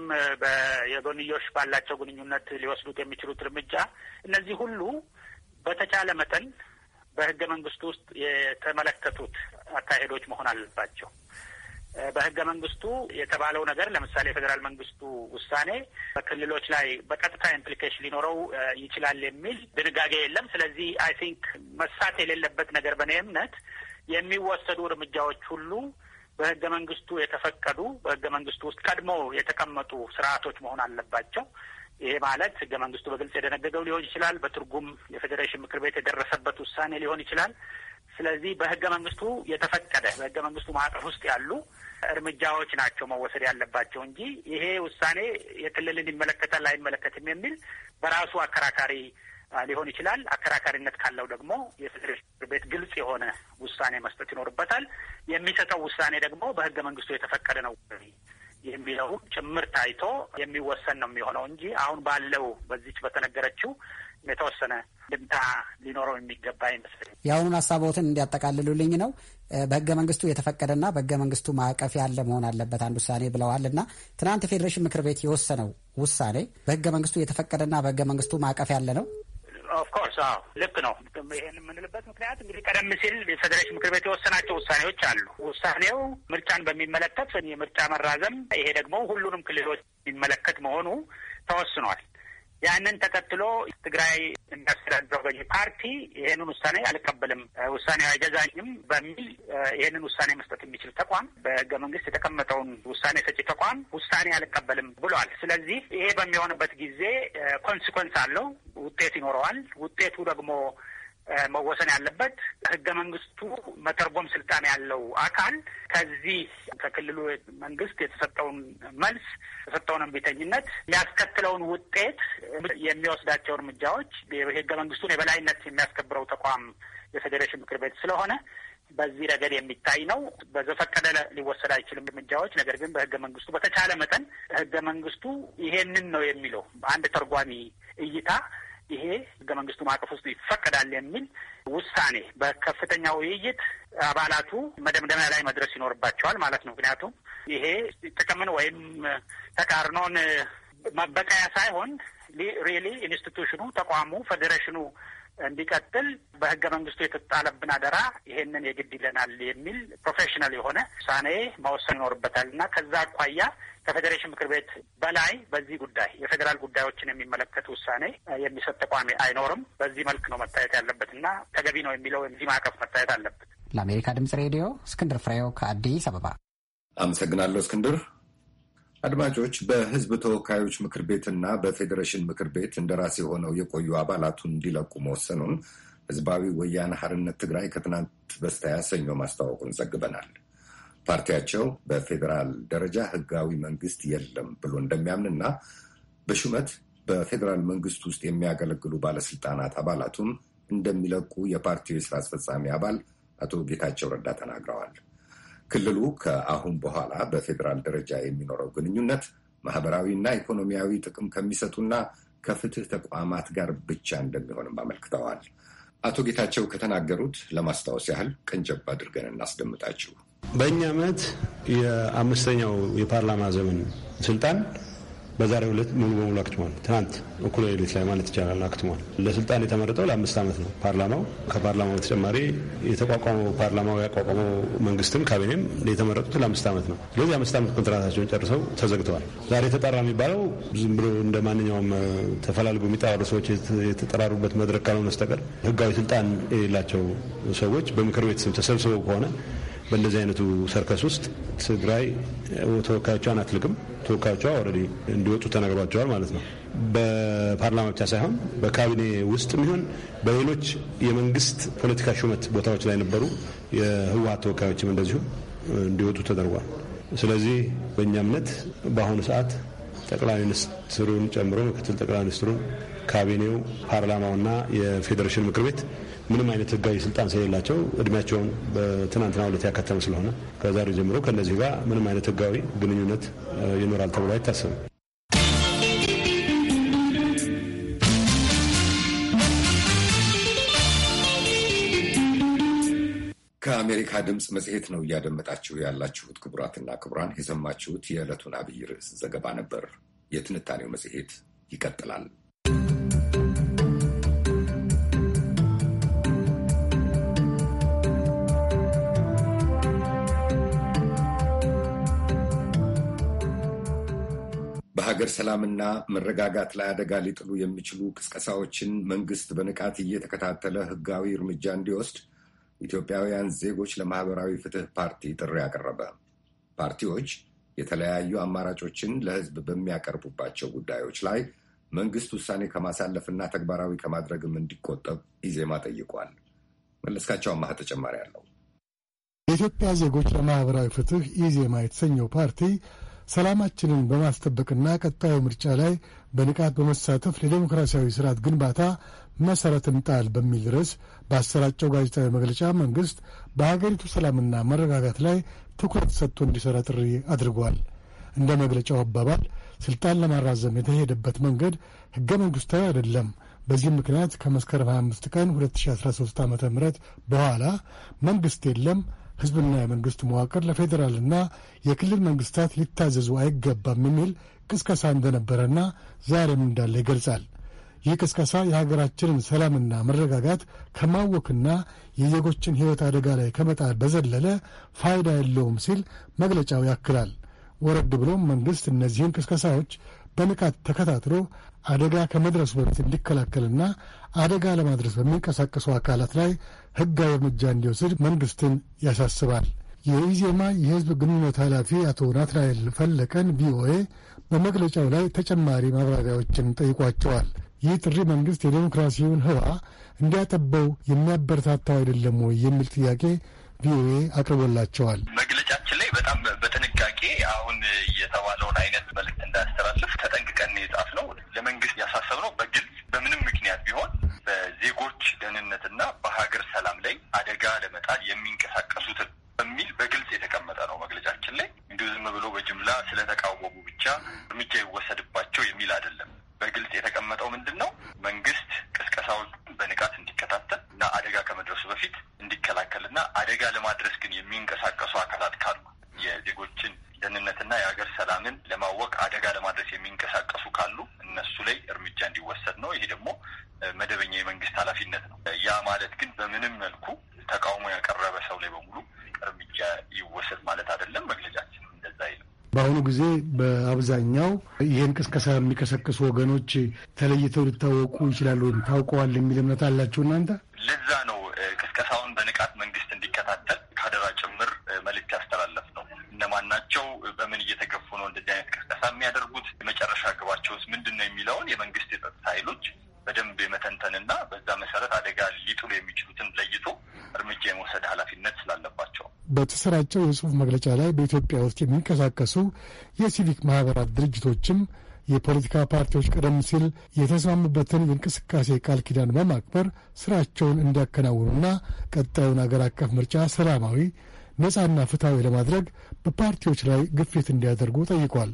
የጎንዮሽ ባላቸው ግንኙነት ሊወስዱት የሚችሉት እርምጃ እነዚህ ሁሉ በተቻለ መጠን በህገ መንግስቱ ውስጥ የተመለከቱት አካሄዶች መሆን አለባቸው። በህገ መንግስቱ የተባለው ነገር ለምሳሌ የፌዴራል መንግስቱ ውሳኔ በክልሎች ላይ በቀጥታ ኢምፕሊኬሽን ሊኖረው ይችላል የሚል ድንጋጌ የለም። ስለዚህ አይ ቲንክ መሳት የሌለበት ነገር በእኔ እምነት የሚወሰዱ እርምጃዎች ሁሉ በህገ መንግስቱ የተፈቀዱ በህገ መንግስቱ ውስጥ ቀድሞ የተቀመጡ ስርዓቶች መሆን አለባቸው። ይሄ ማለት ህገ መንግስቱ በግልጽ የደነገገው ሊሆን ይችላል። በትርጉም የፌዴሬሽን ምክር ቤት የደረሰበት ውሳኔ ሊሆን ይችላል። ስለዚህ በህገ መንግስቱ የተፈቀደ በህገ መንግስቱ ማዕቀፍ ውስጥ ያሉ እርምጃዎች ናቸው መወሰድ ያለባቸው እንጂ ይሄ ውሳኔ የክልልን ይመለከታል አይመለከትም የሚል በራሱ አከራካሪ ሊሆን ይችላል። አከራካሪነት ካለው ደግሞ የፌዴሬሽን ምክር ቤት ግልጽ የሆነ ውሳኔ መስጠት ይኖርበታል። የሚሰጠው ውሳኔ ደግሞ በህገ መንግስቱ የተፈቀደ ነው የሚለው ጭምር ታይቶ የሚወሰን ነው የሚሆነው እንጂ አሁን ባለው በዚች በተነገረችው የተወሰነ ድምታ ሊኖረው የሚገባ ይመስለኝ። የአሁኑን ሀሳቦትን እንዲያጠቃልሉልኝ ነው። በህገ መንግስቱ የተፈቀደና በህገ መንግስቱ ማዕቀፍ ያለ መሆን አለበት አንድ ውሳኔ ብለዋል እና ትናንት ፌዴሬሽን ምክር ቤት የወሰነው ውሳኔ በህገ መንግስቱ የተፈቀደና በህገ መንግስቱ ማዕቀፍ ያለ ነው ኦፍኮርስ አዎ ልክ ነው። ይህን የምንልበት ምክንያት እንግዲህ ቀደም ሲል የፌዴሬሽን ምክር ቤት የወሰናቸው ውሳኔዎች አሉ። ውሳኔው ምርጫን በሚመለከት የምርጫ መራዘም፣ ይሄ ደግሞ ሁሉንም ክልሎች የሚመለከት መሆኑ ተወስኗል። ያንን ተከትሎ ትግራይ የሚያስተዳድረው ገዢ ፓርቲ ይህንን ውሳኔ አልቀበልም፣ ውሳኔ አይገዛኝም በሚል ይህንን ውሳኔ መስጠት የሚችል ተቋም በህገ መንግስት የተቀመጠውን ውሳኔ ሰጪ ተቋም ውሳኔ አልቀበልም ብሏል። ስለዚህ ይሄ በሚሆንበት ጊዜ ኮንሲኮንስ አለው፣ ውጤት ይኖረዋል። ውጤቱ ደግሞ መወሰን ያለበት ህገ መንግስቱ መተርጎም ስልጣን ያለው አካል ከዚህ ከክልሉ መንግስት የተሰጠውን መልስ የተሰጠውን እምቢተኝነት የሚያስከትለውን ውጤት የሚወስዳቸው እርምጃዎች የህገ መንግስቱን የበላይነት የሚያስከብረው ተቋም የፌዴሬሽን ምክር ቤት ስለሆነ በዚህ ረገድ የሚታይ ነው። በዘፈቀደ ሊወሰድ አይችልም እርምጃዎች። ነገር ግን በህገ መንግስቱ በተቻለ መጠን ህገ መንግስቱ ይሄንን ነው የሚለው አንድ ተርጓሚ እይታ ይሄ ህገ መንግስቱ ማዕቀፍ ውስጥ ይፈቀዳል የሚል ውሳኔ በከፍተኛ ውይይት አባላቱ መደምደሚያ ላይ መድረስ ይኖርባቸዋል ማለት ነው። ምክንያቱም ይሄ ጥቅምን ወይም ተቃርኖን መበቀያ ሳይሆን ሪሊ ኢንስቲቱሽኑ፣ ተቋሙ፣ ፌዴሬሽኑ እንዲቀጥል በህገ መንግስቱ የተጣለብን አደራ ይሄንን የግድ ይለናል የሚል ፕሮፌሽናል የሆነ ውሳኔ መወሰን ይኖርበታል እና ከዛ አኳያ ከፌዴሬሽን ምክር ቤት በላይ በዚህ ጉዳይ የፌዴራል ጉዳዮችን የሚመለከት ውሳኔ የሚሰጥ ተቋሚ አይኖርም። በዚህ መልክ ነው መታየት ያለበትና ተገቢ ነው የሚለው እዚህ ማዕቀፍ መታየት አለበት። ለአሜሪካ ድምጽ ሬዲዮ እስክንድር ፍሬው ከአዲስ አበባ አመሰግናለሁ። እስክንድር። አድማጮች በህዝብ ተወካዮች ምክር ቤትና በፌዴሬሽን ምክር ቤት እንደራሴ ሆነው የቆዩ አባላቱን እንዲለቁ መወሰኑን ህዝባዊ ወያነ ሀርነት ትግራይ ከትናንት በስቲያ ሰኞ ማስታወቁን ዘግበናል። ፓርቲያቸው በፌዴራል ደረጃ ህጋዊ መንግስት የለም ብሎ እንደሚያምንና በሹመት በፌዴራል መንግስት ውስጥ የሚያገለግሉ ባለስልጣናት አባላቱም እንደሚለቁ የፓርቲው የስራ አስፈጻሚ አባል አቶ ጌታቸው ረዳ ተናግረዋል። ክልሉ ከአሁን በኋላ በፌዴራል ደረጃ የሚኖረው ግንኙነት ማህበራዊና ኢኮኖሚያዊ ጥቅም ከሚሰጡና ከፍትህ ተቋማት ጋር ብቻ እንደሚሆንም አመልክተዋል። አቶ ጌታቸው ከተናገሩት ለማስታወስ ያህል ቀንጨብ አድርገን እናስደምጣችሁ። በእኛ እምነት የአምስተኛው የፓርላማ ዘመን ስልጣን በዛሬ ሁለት ሙሉ በሙሉ አክትሟል። ትናንት እኩለ ሌሊት ላይ ማለት ይቻላል አክትሟል። ለስልጣን የተመረጠው ለአምስት ዓመት ነው ፓርላማው። ከፓርላማው በተጨማሪ የተቋቋመው ፓርላማው ያቋቋመው መንግስትም ካቢኔም የተመረጡት ለአምስት ዓመት ነው። ስለዚህ አምስት ዓመት ኮንትራታቸውን ጨርሰው ተዘግተዋል። ዛሬ ተጠራ የሚባለው ዝም ብሎ እንደ ማንኛውም ተፈላልጎ የሚጠራሩ ሰዎች የተጠራሩበት መድረክ ካልሆነ በስተቀር ህጋዊ ስልጣን የሌላቸው ሰዎች በምክር ቤት ስም ተሰብስበው ከሆነ በእንደዚህ አይነቱ ሰርከስ ውስጥ ትግራይ ተወካዮቿን አትልቅም። ተወካዮቿ ኦልሬዲ እንዲወጡ ተነግሯቸዋል ማለት ነው። በፓርላማ ብቻ ሳይሆን በካቢኔ ውስጥ ሚሆን በሌሎች የመንግስት ፖለቲካ ሹመት ቦታዎች ላይ ነበሩ የህወሀት ተወካዮችም እንደዚሁ እንዲወጡ ተደርጓል። ስለዚህ በእኛ እምነት በአሁኑ ሰዓት ጠቅላይ ሚኒስትሩን ጨምሮ ምክትል ጠቅላይ ሚኒስትሩን ካቢኔው፣ ፓርላማውና የፌዴሬሽን ምክር ቤት ምንም አይነት ህጋዊ ስልጣን ስለሌላቸው እድሜያቸውን በትናንትና ሁለት ያከተመ ስለሆነ ከዛሬ ጀምሮ ከእነዚህ ጋር ምንም አይነት ህጋዊ ግንኙነት ይኖራል ተብሎ አይታሰብም። ከአሜሪካ ድምፅ መጽሔት ነው እያደመጣችሁ ያላችሁት። ክቡራትና ክቡራን የሰማችሁት የዕለቱን አብይ ርዕስ ዘገባ ነበር። የትንታኔው መጽሔት ይቀጥላል። በሀገር ሰላምና መረጋጋት ላይ አደጋ ሊጥሉ የሚችሉ ቅስቀሳዎችን መንግስት በንቃት እየተከታተለ ህጋዊ እርምጃ እንዲወስድ ኢትዮጵያውያን ዜጎች ለማህበራዊ ፍትህ ፓርቲ ጥሪ ያቀረበ ፓርቲዎች የተለያዩ አማራጮችን ለህዝብ በሚያቀርቡባቸው ጉዳዮች ላይ መንግስት ውሳኔ ከማሳለፍና ተግባራዊ ከማድረግም እንዲቆጠብ ኢዜማ ጠይቋል። መለስካቸው አማህ ተጨማሪ አለው። የኢትዮጵያ ዜጎች ለማህበራዊ ፍትህ ኢዜማ የተሰኘው ፓርቲ ሰላማችንን በማስጠበቅና ቀጣዩ ምርጫ ላይ በንቃት በመሳተፍ ለዴሞክራሲያዊ ስርዓት ግንባታ መሰረት እንጣል በሚል ርዕስ በአሰራጨው ጋዜጣዊ መግለጫ መንግሥት በሀገሪቱ ሰላምና መረጋጋት ላይ ትኩረት ሰጥቶ እንዲሠራ ጥሪ አድርጓል። እንደ መግለጫው አባባል ስልጣን ለማራዘም የተሄደበት መንገድ ሕገ መንግሥታዊ አይደለም። በዚህም ምክንያት ከመስከረም 25 ቀን 2013 ዓ ም በኋላ መንግሥት የለም ህዝብና የመንግስት መዋቅር ለፌዴራልና የክልል መንግስታት ሊታዘዙ አይገባም የሚል ቅስቀሳ እንደነበረና ዛሬም እንዳለ ይገልጻል። ይህ ቅስቀሳ የሀገራችንን ሰላምና መረጋጋት ከማወክና የዜጎችን ሕይወት አደጋ ላይ ከመጣል በዘለለ ፋይዳ የለውም ሲል መግለጫው ያክላል። ወረድ ብሎም መንግሥት እነዚህን ቅስቀሳዎች በንቃት ተከታትሎ አደጋ ከመድረሱ በፊት እንዲከላከልና አደጋ ለማድረስ በሚንቀሳቀሱ አካላት ላይ ሕጋዊ እርምጃ እንዲወስድ መንግስትን ያሳስባል። የኢዜማ የህዝብ ግንኙነት ኃላፊ አቶ ናትናኤል ፈለቀን ቪኦኤ በመግለጫው ላይ ተጨማሪ ማብራሪያዎችን ጠይቋቸዋል። ይህ ጥሪ መንግስት የዴሞክራሲውን ህዋ እንዲያጠበው የሚያበረታታው አይደለም ወይ የሚል ጥያቄ ቪኦኤ አቅርቦላቸዋል። መግለጫ ላይ በጣም በጥንቃቄ አሁን የተባለውን አይነት መልዕክት እንዳያስተላልፍ ተጠንቅቀን የጻፍ ነው። ለመንግስት ያሳሰብነው በግልጽ በምንም ምክንያት ቢሆን በዜጎች ደህንነትና በሀገር ሰላም ላይ አደጋ ለመጣል የሚንቀሳቀሱትን በሚል በግልጽ የተቀመጠ ነው መግለጫችን ላይ። እንዲሁ ዝም ብሎ በጅምላ ስለተቃወሙ ብቻ እርምጃ ይወሰድባቸው የሚል አይደለም። በግልጽ የተቀመጠው ምንድን ነው? መንግስት ቅስቀሳዎቹን በንቃት እንዲከታተል እና አደጋ ከመድረሱ በፊት እንዲከላከልና አደጋ ለማድረስ ግን የሚንቀሳቀሱ አካላት ካሉ የዜጎችን ደህንነትና የሀገር ሰላምን ለማወቅ አደጋ ለማድረስ የሚንቀሳቀሱ ካሉ እነሱ ላይ እርምጃ እንዲወሰድ ነው። ይሄ ደግሞ መደበኛ የመንግስት ኃላፊነት ነው። ያ ማለት ግን በምንም መልኩ ተቃውሞ ያቀረበ ሰው ላይ በሙሉ እርምጃ ይወሰድ ማለት አይደለም። መግለጫችን እንደዛ አይልም። በአሁኑ ጊዜ በአብዛኛው ይህን ቅስቀሳ የሚቀሰቅሱ ወገኖች ተለይተው ሊታወቁ ይችላሉ፣ ታውቀዋል የሚል እምነት አላችሁ እናንተ? ለዛ ነው ቅስቀሳውን በንቃት መንግስት እንዲከታተል ካደራ ጭምር መልዕክት ያስተላለፍ ማን ናቸው? በምን እየተገፉ ነው እንደዚህ አይነት ቅስቀሳ የሚያደርጉት? የመጨረሻ ግባቸውስ ምንድን ነው የሚለውን የመንግስት የጸጥታ ኃይሎች በደንብ የመተንተንና በዛ መሰረት አደጋ ሊጥሉ የሚችሉትን ለይቶ እርምጃ የመውሰድ ኃላፊነት ስላለባቸው በተሰራጨው የጽሁፍ መግለጫ ላይ በኢትዮጵያ ውስጥ የሚንቀሳቀሱ የሲቪክ ማህበራት ድርጅቶችም የፖለቲካ ፓርቲዎች ቀደም ሲል የተስማሙበትን የእንቅስቃሴ ቃል ኪዳን በማክበር ስራቸውን እንዲያከናውኑና ቀጣዩን አገር አቀፍ ምርጫ ሰላማዊ ነጻና ፍትሐዊ ለማድረግ በፓርቲዎች ላይ ግፊት እንዲያደርጉ ጠይቋል።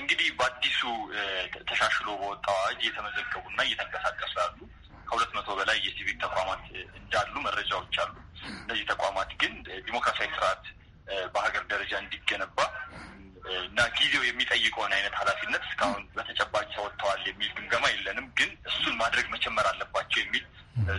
እንግዲህ በአዲሱ ተሻሽሎ በወጣው አዋጅ እየተመዘገቡና እየተንቀሳቀሱ ያሉ ከሁለት መቶ በላይ የሲቪክ ተቋማት እንዳሉ መረጃዎች አሉ። እነዚህ ተቋማት ግን ዲሞክራሲያዊ ስርዓት በሀገር ደረጃ እንዲገነባ እና ጊዜው የሚጠይቀውን አይነት ኃላፊነት እስካሁን በተጨባጭ ተወጥተዋል የሚል ግምገማ የለንም። ግን እሱን ማድረግ መጀመር አለባቸው የሚል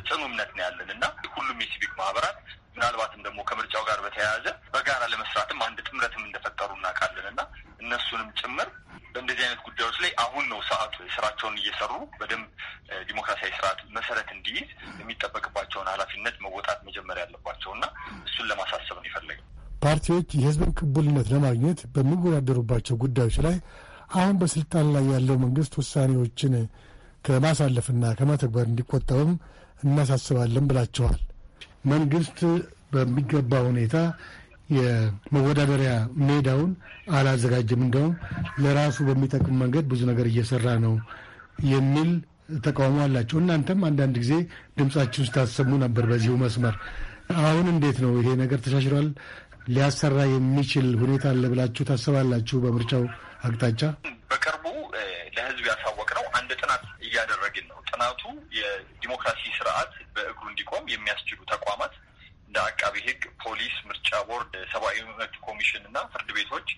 ጽኑ እምነት ነው ያለን እና ሁሉም የሲቪክ ማህበራት ምናልባትም ደግሞ ከምርጫው ጋር በተያያዘ በጋራ ለመስራትም አንድ ጥምረትም እንደፈጠሩ እናውቃለን እና እነሱንም ጭምር በእንደዚህ አይነት ጉዳዮች ላይ አሁን ነው ሰዓቱ። ስራቸውን እየሰሩ በደንብ ዲሞክራሲያዊ ስርዓት መሰረት እንዲይዝ የሚጠበቅባቸውን ኃላፊነት መወጣት መጀመር ያለባቸው እና እሱን ለማሳሰብ ነው የፈለገው። ፓርቲዎች የህዝብን ቅቡልነት ለማግኘት በሚወዳደሩባቸው ጉዳዮች ላይ አሁን በስልጣን ላይ ያለው መንግስት ውሳኔዎችን ከማሳለፍና ከመተግበር እንዲቆጠብም እናሳስባለን ብላችኋል። መንግስት በሚገባ ሁኔታ የመወዳደሪያ ሜዳውን አላዘጋጀም። እንደውም ለራሱ በሚጠቅም መንገድ ብዙ ነገር እየሰራ ነው የሚል ተቃውሞ አላቸው። እናንተም አንዳንድ ጊዜ ድምጻችሁን ስታሰሙ ነበር በዚሁ መስመር። አሁን እንዴት ነው ይሄ ነገር ተሻሽሏል? ሊያሰራ የሚችል ሁኔታ አለ ብላችሁ ታስባላችሁ? በምርጫው አቅጣጫ በቅርቡ ለህዝብ ያሳወቅ ነው። አንድ ጥናት እያደረግን ነው። ጥናቱ የዲሞክራሲ ስርዓት በእግሩ እንዲቆም የሚያስችሉ ተቋማት እንደ አቃቢ ህግ፣ ፖሊስ፣ ምርጫ ቦርድ፣ ሰብአዊ መብት ኮሚሽን እና ፍርድ ቤቶች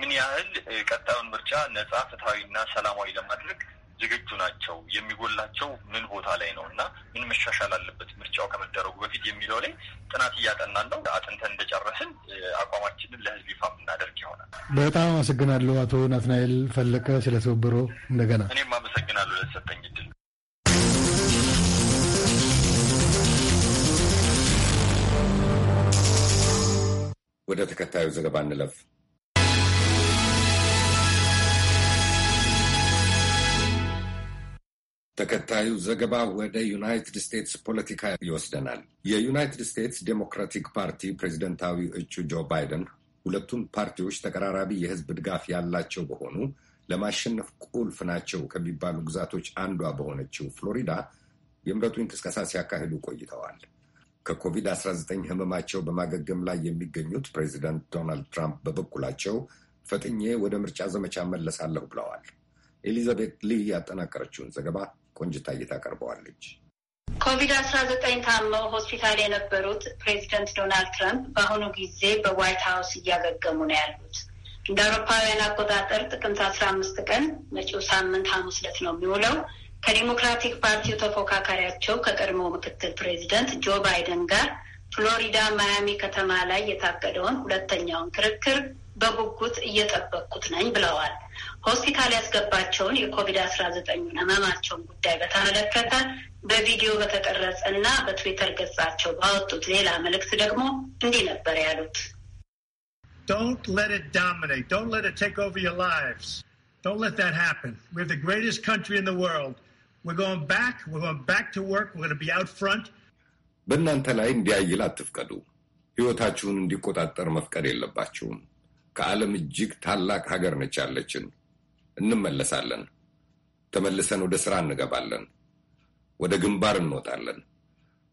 ምን ያህል ቀጣዩን ምርጫ ነጻ፣ ፍትሐዊና ሰላማዊ ለማድረግ ዝግጁ ናቸው? የሚጎላቸው ምን ቦታ ላይ ነው እና ምን መሻሻል አለበት ምርጫው ከመደረጉ በፊት የሚለው ላይ ጥናት እያጠናን ነው። አጥንተን እንደጨረስን አቋማችንን ለህዝብ ይፋ የምናደርግ ይሆናል። በጣም አመሰግናለሁ አቶ ናትናኤል ፈለቀ ስለተወበሮ እንደገና እኔም አመሰግናለሁ ለተሰጠኝ እድል። ወደ ተከታዩ ዘገባ እንለፍ። ተከታዩ ዘገባ ወደ ዩናይትድ ስቴትስ ፖለቲካ ይወስደናል። የዩናይትድ ስቴትስ ዴሞክራቲክ ፓርቲ ፕሬዚደንታዊ እጩ ጆ ባይደን ሁለቱም ፓርቲዎች ተቀራራቢ የህዝብ ድጋፍ ያላቸው በሆኑ ለማሸነፍ ቁልፍ ናቸው ከሚባሉ ግዛቶች አንዷ በሆነችው ፍሎሪዳ የምረጡኝ ቅስቀሳ ሲያካሂዱ ቆይተዋል። ከኮቪድ-19 ህመማቸው በማገገም ላይ የሚገኙት ፕሬዚደንት ዶናልድ ትራምፕ በበኩላቸው ፈጥኜ ወደ ምርጫ ዘመቻ መለሳለሁ ብለዋል። ኤሊዛቤት ሊ ያጠናቀረችውን ዘገባ ቆንጅታ ታቀርበዋለች። ኮቪድ አስራ ዘጠኝ ታመው ሆስፒታል የነበሩት ፕሬዚደንት ዶናልድ ትራምፕ በአሁኑ ጊዜ በዋይት ሀውስ እያገገሙ ነው ያሉት። እንደ አውሮፓውያን አቆጣጠር ጥቅምት አስራ አምስት ቀን መጪው ሳምንት ሐሙስ ዕለት ነው የሚውለው ከዲሞክራቲክ ፓርቲው ተፎካካሪያቸው ከቀድሞ ምክትል ፕሬዚደንት ጆ ባይደን ጋር ፍሎሪዳ ማያሚ ከተማ ላይ የታቀደውን ሁለተኛውን ክርክር በጉጉት እየጠበቅኩት ነኝ ብለዋል። ሆስፒታል ያስገባቸውን የኮቪድ አስራ ዘጠኙን ህመማቸውን ጉዳይ በተመለከተ በቪዲዮ በተቀረጸ እና በትዊተር ገጻቸው ባወጡት ሌላ መልእክት ደግሞ እንዲህ ነበር ያሉት። Don't let it dominate. Don't let it take over your lives. Don't let that happen. We're the greatest country in the world. We're going back. We're going back to work. We're going to be out front. በእናንተ ላይ እንዲያይል አትፍቀዱ። ህይወታችሁን እንዲቆጣጠር መፍቀድ የለባችሁም። ከዓለም እጅግ ታላቅ ሀገር ነች ያለችን እንመለሳለን። ተመልሰን ወደ ስራ እንገባለን። ወደ ግንባር እንወጣለን።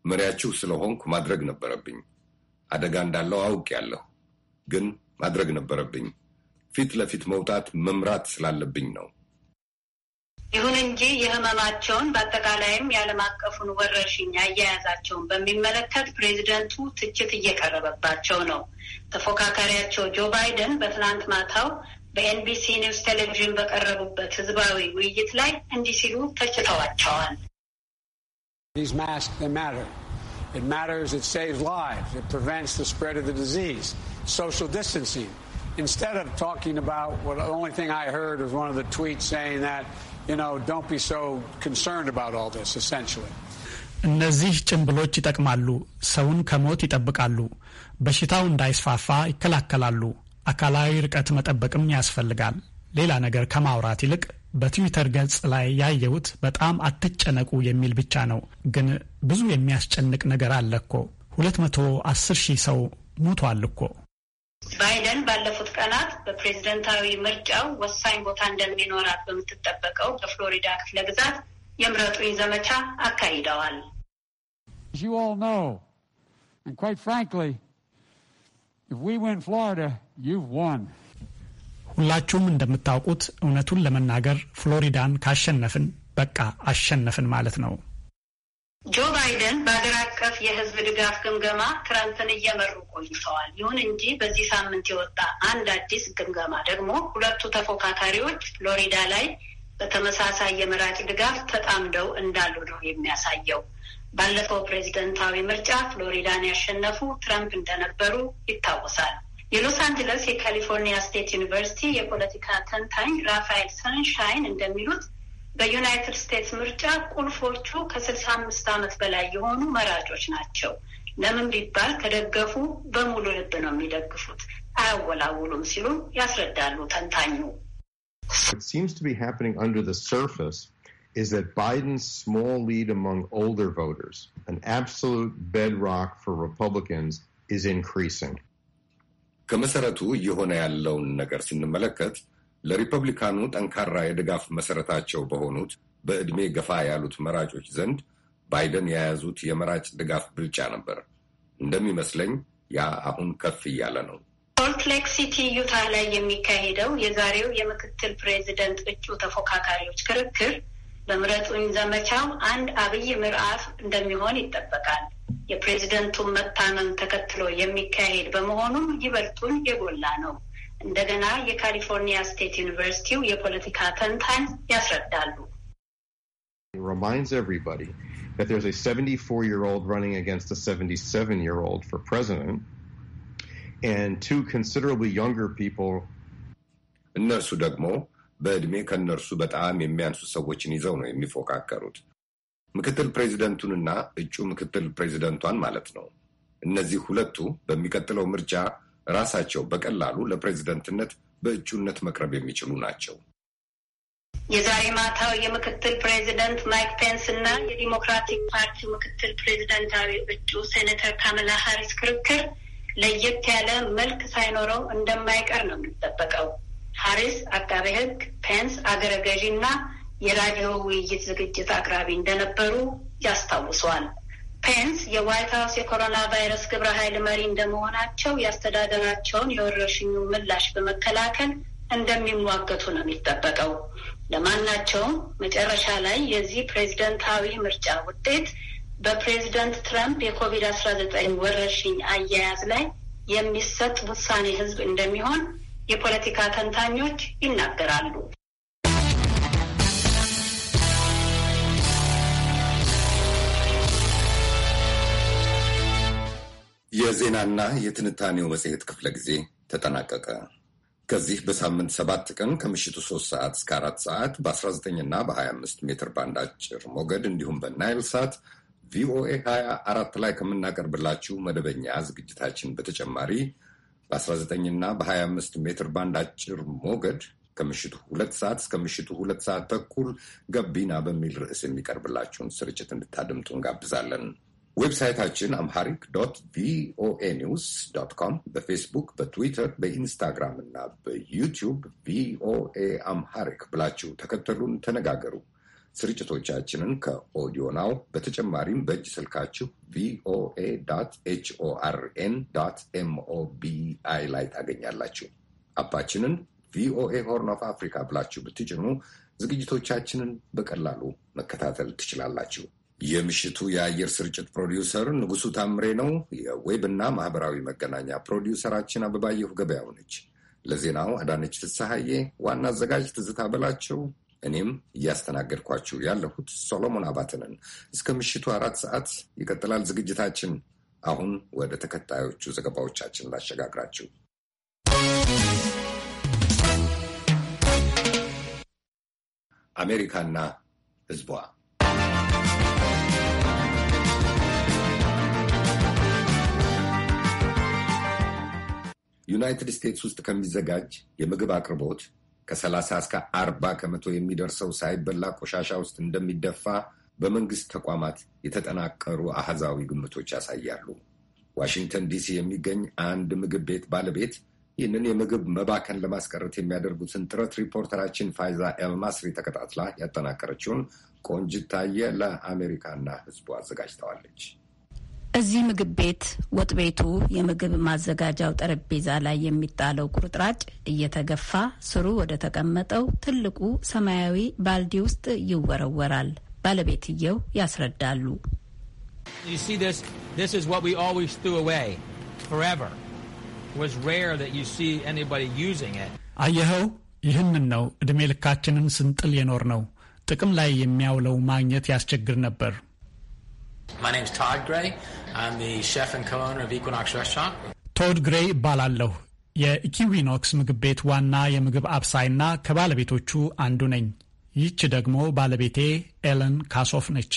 መሪያችሁ ስለሆንኩ ማድረግ ነበረብኝ። አደጋ እንዳለው አውቄያለሁ፣ ግን ማድረግ ነበረብኝ። ፊት ለፊት መውጣት መምራት ስላለብኝ ነው። ይሁን እንጂ የህመማቸውን በአጠቃላይም የዓለም አቀፉን ወረርሽኝ አያያዛቸውን በሚመለከት ፕሬዚደንቱ ትችት እየቀረበባቸው ነው። ተፎካካሪያቸው ጆ ባይደን በትናንት ማታው These masks, they matter. It matters, it saves lives, it prevents the spread of the disease. Social distancing. Instead of talking about well, the only thing I heard was one of the tweets saying that, you know, don't be so concerned about all this, essentially. እነዚህ ጭንብሎች ይጠቅማሉ፣ ሰውን ከሞት ይጠብቃሉ፣ በሽታው እንዳይስፋፋ ይከላከላሉ። አካላዊ ርቀት መጠበቅም ያስፈልጋል። ሌላ ነገር ከማውራት ይልቅ በትዊተር ገጽ ላይ ያየሁት በጣም አትጨነቁ የሚል ብቻ ነው። ግን ብዙ የሚያስጨንቅ ነገር አለ እኮ። ሁለት መቶ አስር ሺህ ሰው ሞቷል እኮ። ባይደን ባለፉት ቀናት በፕሬዝደንታዊ ምርጫው ወሳኝ ቦታ እንደሚኖራት በምትጠበቀው በፍሎሪዳ ክፍለ ግዛት የምረጡኝ ዘመቻ አካሂደዋል። As you all know, and quite frankly, if we win Florida, ሁላችሁም እንደምታውቁት እውነቱን ለመናገር ፍሎሪዳን ካሸነፍን በቃ አሸነፍን ማለት ነው። ጆ ባይደን በሀገር አቀፍ የሕዝብ ድጋፍ ግምገማ ትራምፕን እየመሩ ቆይተዋል። ይሁን እንጂ በዚህ ሳምንት የወጣ አንድ አዲስ ግምገማ ደግሞ ሁለቱ ተፎካካሪዎች ፍሎሪዳ ላይ በተመሳሳይ የመራጭ ድጋፍ ተጣምደው እንዳሉ ነው የሚያሳየው። ባለፈው ፕሬዚደንታዊ ምርጫ ፍሎሪዳን ያሸነፉ ትራምፕ እንደነበሩ ይታወሳል። የሎስ አንጀለስ የካሊፎርኒያ ስቴት ዩኒቨርሲቲ የፖለቲካ ተንታኝ ራፋኤል ሰንሻይን እንደሚሉት በዩናይትድ ስቴትስ ምርጫ ቁልፎቹ ከስልሳ አምስት ዓመት በላይ የሆኑ መራጮች ናቸው። ለምን ቢባል ከደገፉ በሙሉ ልብ ነው የሚደግፉት፣ አያወላውሉም ሲሉ ያስረዳሉ ተንታኙ። is that Biden's small lead among older voters, an absolute bedrock for Republicans, is increasing. ከመሰረቱ እየሆነ ያለውን ነገር ስንመለከት ለሪፐብሊካኑ ጠንካራ የድጋፍ መሰረታቸው በሆኑት በዕድሜ ገፋ ያሉት መራጮች ዘንድ ባይደን የያዙት የመራጭ ድጋፍ ብልጫ ነበር። እንደሚመስለኝ ያ አሁን ከፍ እያለ ነው። ሶልትሌክሲቲ ዩታ ላይ የሚካሄደው የዛሬው የምክትል ፕሬዚደንት እጩ ተፎካካሪዎች ክርክር በምረጡኝ ዘመቻው አንድ አብይ ምዕራፍ እንደሚሆን ይጠበቃል። የፕሬዝደንቱን መታመም ተከትሎ የሚካሄድ በመሆኑም ይበልጡን የጎላ ነው። እንደገና የካሊፎርኒያ ስቴት ዩኒቨርሲቲው የፖለቲካ ተንታኝ ያስረዳሉ። እነሱ ደግሞ በዕድሜ ከእነርሱ በጣም የሚያንሱ ሰዎችን ይዘው ነው የሚፎካከሩት። ምክትል ፕሬዚደንቱንና እጩ ምክትል ፕሬዚደንቷን ማለት ነው። እነዚህ ሁለቱ በሚቀጥለው ምርጫ ራሳቸው በቀላሉ ለፕሬዚደንትነት በእጩነት መቅረብ የሚችሉ ናቸው። የዛሬ ማታው የምክትል ፕሬዚደንት ማይክ ፔንስ እና የዲሞክራቲክ ፓርቲው ምክትል ፕሬዚደንታዊ እጩ ሴኔተር ካመላ ሀሪስ ክርክር ለየት ያለ መልክ ሳይኖረው እንደማይቀር ነው የሚጠበቀው። ሀሪስ አቃቤ ሕግ፣ ፔንስ አገረ ገዢ እና የራዲዮ ውይይት ዝግጅት አቅራቢ እንደነበሩ ያስታውሰዋል። ፔንስ የዋይት ሀውስ የኮሮና ቫይረስ ግብረ ኃይል መሪ እንደመሆናቸው ያስተዳደራቸውን የወረርሽኙ ምላሽ በመከላከል እንደሚሟገቱ ነው የሚጠበቀው። ለማናቸውም መጨረሻ ላይ የዚህ ፕሬዚደንታዊ ምርጫ ውጤት በፕሬዚደንት ትራምፕ የኮቪድ አስራ ዘጠኝ ወረርሽኝ አያያዝ ላይ የሚሰጥ ውሳኔ ህዝብ እንደሚሆን የፖለቲካ ተንታኞች ይናገራሉ። የዜናና የትንታኔው መጽሔት ክፍለ ጊዜ ተጠናቀቀ። ከዚህ በሳምንት ሰባት ቀን ከምሽቱ ሶስት ሰዓት እስከ አራት ሰዓት በ19 እና በ25 ሜትር ባንድ አጭር ሞገድ እንዲሁም በናይል ሳት ቪኦኤ 24 ላይ ከምናቀርብላችሁ መደበኛ ዝግጅታችን በተጨማሪ በ19 ና በ25 ሜትር ባንድ አጭር ሞገድ ከምሽቱ ሁለት ሰዓት እስከ ምሽቱ ሁለት ሰዓት ተኩል ገቢና በሚል ርዕስ የሚቀርብላችሁን ስርጭት እንድታደምጡ እንጋብዛለን። ዌብሳይታችን አምሃሪክ ዶት ቪኦኤ ኒውስ ዶት ኮም፣ በፌስቡክ፣ በትዊተር፣ በኢንስታግራም እና በዩቲዩብ ቪኦኤ አምሃሪክ ብላችሁ ተከተሉን፣ ተነጋገሩ። ስርጭቶቻችንን ከኦዲዮ ናው በተጨማሪም በእጅ ስልካችሁ ቪኦኤ ኤች ኦ አር ኤን ላይ ታገኛላችሁ። አፓችንን ቪኦኤ ሆርን ኦፍ አፍሪካ ብላችሁ ብትጭኑ ዝግጅቶቻችንን በቀላሉ መከታተል ትችላላችሁ። የምሽቱ የአየር ስርጭት ፕሮዲውሰር ንጉሱ ታምሬ ነው። የዌብና ማህበራዊ መገናኛ ፕሮዲውሰራችን አበባየሁ ገበያው ነች። ለዜናው አዳነች ፍስሐዬ፣ ዋና አዘጋጅ ትዝታ በላቸው። እኔም እያስተናገድኳችሁ ያለሁት ሶሎሞን አባተንን። እስከ ምሽቱ አራት ሰዓት ይቀጥላል ዝግጅታችን። አሁን ወደ ተከታዮቹ ዘገባዎቻችን ላሸጋግራችሁ። አሜሪካና ህዝቧ ዩናይትድ ስቴትስ ውስጥ ከሚዘጋጅ የምግብ አቅርቦት ከ30 እስከ 40 ከመቶ የሚደርሰው ሳይበላ ቆሻሻ ውስጥ እንደሚደፋ በመንግስት ተቋማት የተጠናቀሩ አሃዛዊ ግምቶች ያሳያሉ። ዋሽንግተን ዲሲ የሚገኝ አንድ ምግብ ቤት ባለቤት ይህንን የምግብ መባከን ለማስቀረት የሚያደርጉትን ጥረት ሪፖርተራችን ፋይዛ ኤልማስሪ ተከታትላ ያጠናቀረችውን ቆንጅት ታየ ለአሜሪካና ሕዝቡ አዘጋጅተዋለች። እዚህ ምግብ ቤት፣ ወጥ ቤቱ፣ የምግብ ማዘጋጃው ጠረጴዛ ላይ የሚጣለው ቁርጥራጭ እየተገፋ ስሩ ወደ ተቀመጠው ትልቁ ሰማያዊ ባልዲ ውስጥ ይወረወራል። ባለቤትየው ያስረዳሉ። አየኸው፣ ይህንን ነው ዕድሜ ልካችንን ስንጥል የኖር ነው። ጥቅም ላይ የሚያውለው ማግኘት ያስቸግር ነበር። Todd Gray ይባላለሁ። የኢኪዊኖክስ ምግብ ቤት ዋና የምግብ አብሳይና ከባለቤቶቹ አንዱ ነኝ። ይች ደግሞ ባለቤቴ ኤለን ካሶፍ ነች።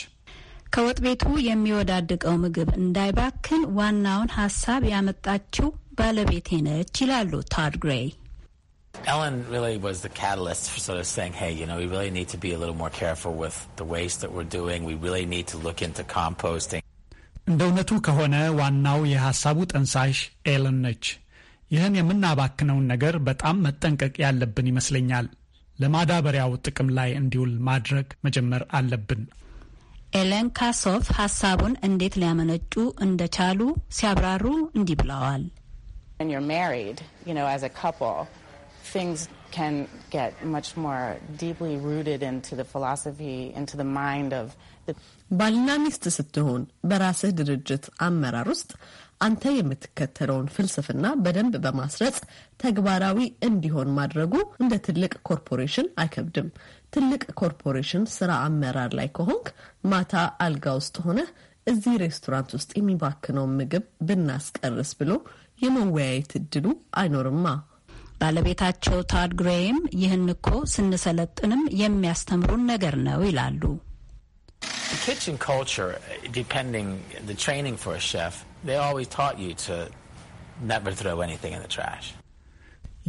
ከወጥ ቤቱ የሚወዳድቀው ምግብ እንዳይባክን ዋናውን ሀሳብ ያመጣችው ባለቤቴ ነች ይላሉ ታድ ግሬይ። Ellen really was the catalyst for sort of saying, hey, you know, we really need to be a little more careful with the waste that we're doing. We really need to look into composting. እንደ እውነቱ ከሆነ ዋናው የሐሳቡ ጠንሳሽ ኤለን ነች። ይህን የምናባክነውን ነገር በጣም መጠንቀቅ ያለብን ይመስለኛል። ለማዳበሪያው ጥቅም ላይ እንዲውል ማድረግ መጀመር አለብን። ኤለን ካሶፍ ሐሳቡን እንዴት ሊያመነጩ እንደቻሉ ሲያብራሩ እንዲህ ብለዋል። things can get much more deeply rooted into the philosophy, into the mind of the... ባልና ሚስት ስትሆን በራስህ ድርጅት አመራር ውስጥ አንተ የምትከተለውን ፍልስፍና በደንብ በማስረጽ ተግባራዊ እንዲሆን ማድረጉ እንደ ትልቅ ኮርፖሬሽን አይከብድም። ትልቅ ኮርፖሬሽን ስራ አመራር ላይ ከሆንክ ማታ አልጋ ውስጥ ሆነ እዚህ ሬስቶራንት ውስጥ የሚባክነውን ምግብ ብናስቀርስ ብሎ የመወያየት እድሉ አይኖርማ። ባለቤታቸው ታድ ግሬይም ይህን እኮ ስንሰለጥንም የሚያስተምሩን ነገር ነው ይላሉ።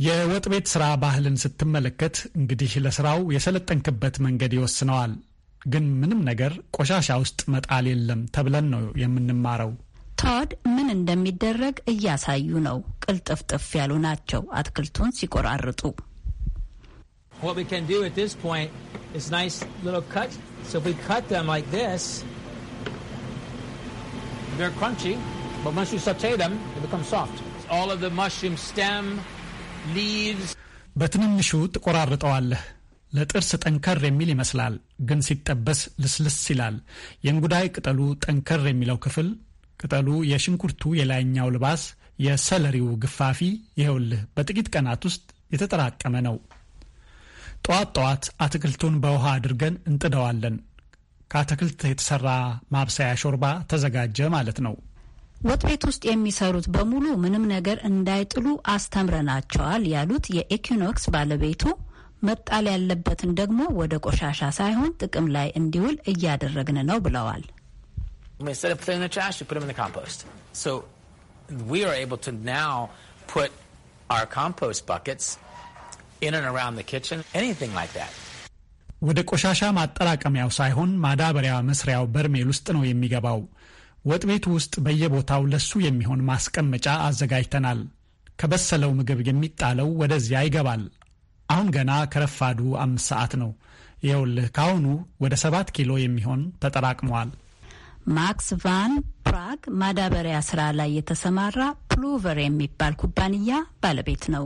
የወጥ ቤት ስራ ባህልን ስትመለከት እንግዲህ ለስራው የሰለጠንክበት መንገድ ይወስነዋል። ግን ምንም ነገር ቆሻሻ ውስጥ መጣል የለም ተብለን ነው የምንማረው። ታድ ምን እንደሚደረግ እያሳዩ ነው። ቅልጥፍጥፍ ያሉ ናቸው አትክልቱን ሲቆራርጡ። በትንንሹ ትቆራርጠዋለህ። ለጥርስ ጠንከር የሚል ይመስላል፣ ግን ሲጠበስ ልስልስ ይላል። የእንጉዳይ ቅጠሉ ጠንከር የሚለው ክፍል ቅጠሉ የሽንኩርቱ የላይኛው ልባስ የሰለሪው ግፋፊ ይኸውልህ በጥቂት ቀናት ውስጥ የተጠራቀመ ነው። ጠዋት ጠዋት አትክልቱን በውሃ አድርገን እንጥደዋለን። ከአትክልት የተሰራ ማብሰያ ሾርባ ተዘጋጀ ማለት ነው። ወጥ ቤት ውስጥ የሚሰሩት በሙሉ ምንም ነገር እንዳይጥሉ አስተምረናቸዋል ያሉት የኢኪኖክስ ባለቤቱ መጣል ያለበትን ደግሞ ወደ ቆሻሻ ሳይሆን ጥቅም ላይ እንዲውል እያደረግን ነው ብለዋል። instead of putting them in the trash, you put them in the compost. So we are able to now put our compost buckets in and around the kitchen, anything like that. ወደ ቆሻሻ ማጠራቀሚያው ሳይሆን ማዳበሪያ መስሪያው በርሜል ውስጥ ነው የሚገባው። ወጥ ቤቱ ውስጥ በየቦታው ለሱ የሚሆን ማስቀመጫ አዘጋጅተናል። ከበሰለው ምግብ የሚጣለው ወደዚያ ይገባል። አሁን ገና ከረፋዱ አምስት ሰዓት ነው። ይኸውልህ ከአሁኑ ወደ ሰባት ኪሎ የሚሆን ተጠራቅመዋል። ማክስ ቫን ፕራግ ማዳበሪያ ስራ ላይ የተሰማራ ፕሉቨር የሚባል ኩባንያ ባለቤት ነው።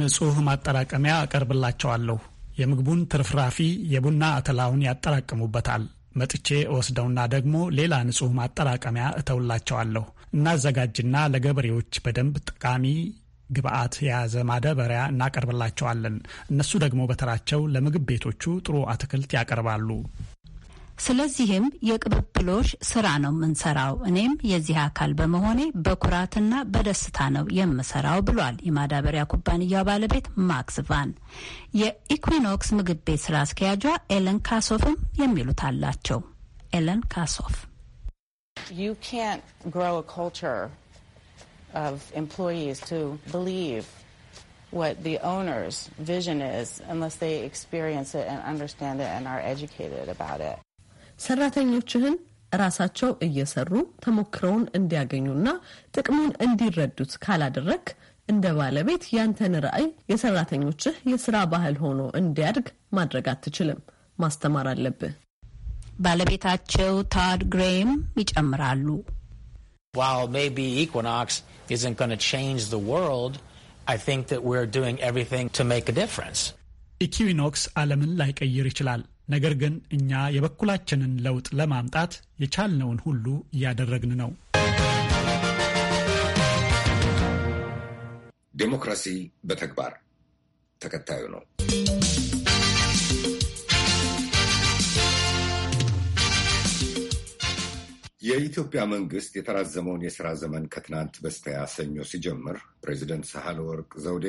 ንጹህ ማጠራቀሚያ አቀርብላቸዋለሁ። የምግቡን ትርፍራፊ የቡና አተላውን ያጠራቅሙበታል። መጥቼ ወስደውና ደግሞ ሌላ ንጹህ ማጠራቀሚያ እተውላቸዋለሁ። እናዘጋጅና ለገበሬዎች በደንብ ጠቃሚ ግብአት የያዘ ማዳበሪያ እናቀርብላቸዋለን። እነሱ ደግሞ በተራቸው ለምግብ ቤቶቹ ጥሩ አትክልት ያቀርባሉ። ስለዚህም የቅብብሎሽ ስራ ነው የምንሰራው። እኔም የዚህ አካል በመሆኔ በኩራትና በደስታ ነው የምሰራው ብሏል የማዳበሪያ ኩባንያው ባለቤት ማክስ ቫን። የኢኩኖክስ ምግብ ቤት ስራ አስኪያጇ ኤለን ካሶፍም የሚሉት አላቸው። ኤለን ካሶፍ of employees to believe what the owner's vision is unless they experience it and understand it and are educated about it. ሰራተኞችህን ራሳቸው እየሰሩ ተሞክረውን እንዲያገኙና ጥቅሙን እንዲረዱት ካላደረግ እንደ ባለቤት ያንተን ራዕይ የሰራተኞችህ የስራ ባህል ሆኖ እንዲያድግ ማድረግ አትችልም። ማስተማር አለብህ። ባለቤታቸው ታድ ግሬም ይጨምራሉ። While maybe Equinox isn't going to change the world, I think that we're doing everything to make a difference. ኢኪዊኖክስ ዓለምን ላይቀይር ይችላል። ነገር ግን እኛ የበኩላችንን ለውጥ ለማምጣት የቻልነውን ሁሉ እያደረግን ነው። ዴሞክራሲ በተግባር ተከታዩ ነው። የኢትዮጵያ መንግስት የተራዘመውን የስራ ዘመን ከትናንት በስተ ሰኞ ሲጀምር ፕሬዚደንት ሳህለ ወርቅ ዘውዴ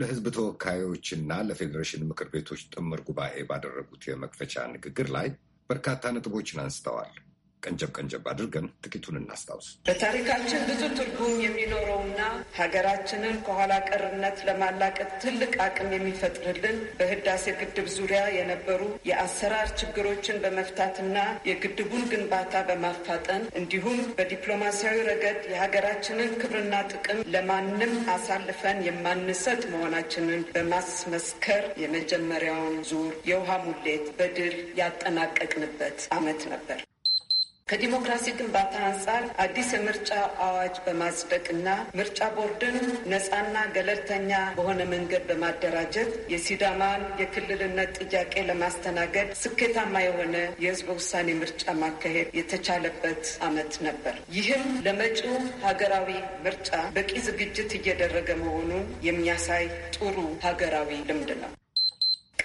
ለህዝብ ተወካዮችና ለፌዴሬሽን ምክር ቤቶች ጥምር ጉባኤ ባደረጉት የመክፈቻ ንግግር ላይ በርካታ ነጥቦችን አንስተዋል። ቀንጨብ ቀንጨብ አድርገን ጥቂቱን እናስታውስ። በታሪካችን ብዙ ትርጉም የሚኖረውና ሀገራችንን ከኋላ ቀርነት ለማላቀቅ ትልቅ አቅም የሚፈጥርልን በህዳሴ ግድብ ዙሪያ የነበሩ የአሰራር ችግሮችን በመፍታትና የግድቡን ግንባታ በማፋጠን እንዲሁም በዲፕሎማሲያዊ ረገድ የሀገራችንን ክብርና ጥቅም ለማንም አሳልፈን የማንሰጥ መሆናችንን በማስመስከር የመጀመሪያውን ዙር የውሃ ሙሌት በድል ያጠናቀቅንበት ዓመት ነበር። ከዲሞክራሲ ግንባታ አንጻር አዲስ የምርጫ አዋጅ በማጽደቅና ምርጫ ቦርድን ነፃና ገለልተኛ በሆነ መንገድ በማደራጀት የሲዳማን የክልልነት ጥያቄ ለማስተናገድ ስኬታማ የሆነ የህዝበ ውሳኔ ምርጫ ማካሄድ የተቻለበት አመት ነበር። ይህም ለመጪው ሀገራዊ ምርጫ በቂ ዝግጅት እየደረገ መሆኑን የሚያሳይ ጥሩ ሀገራዊ ልምድ ነው።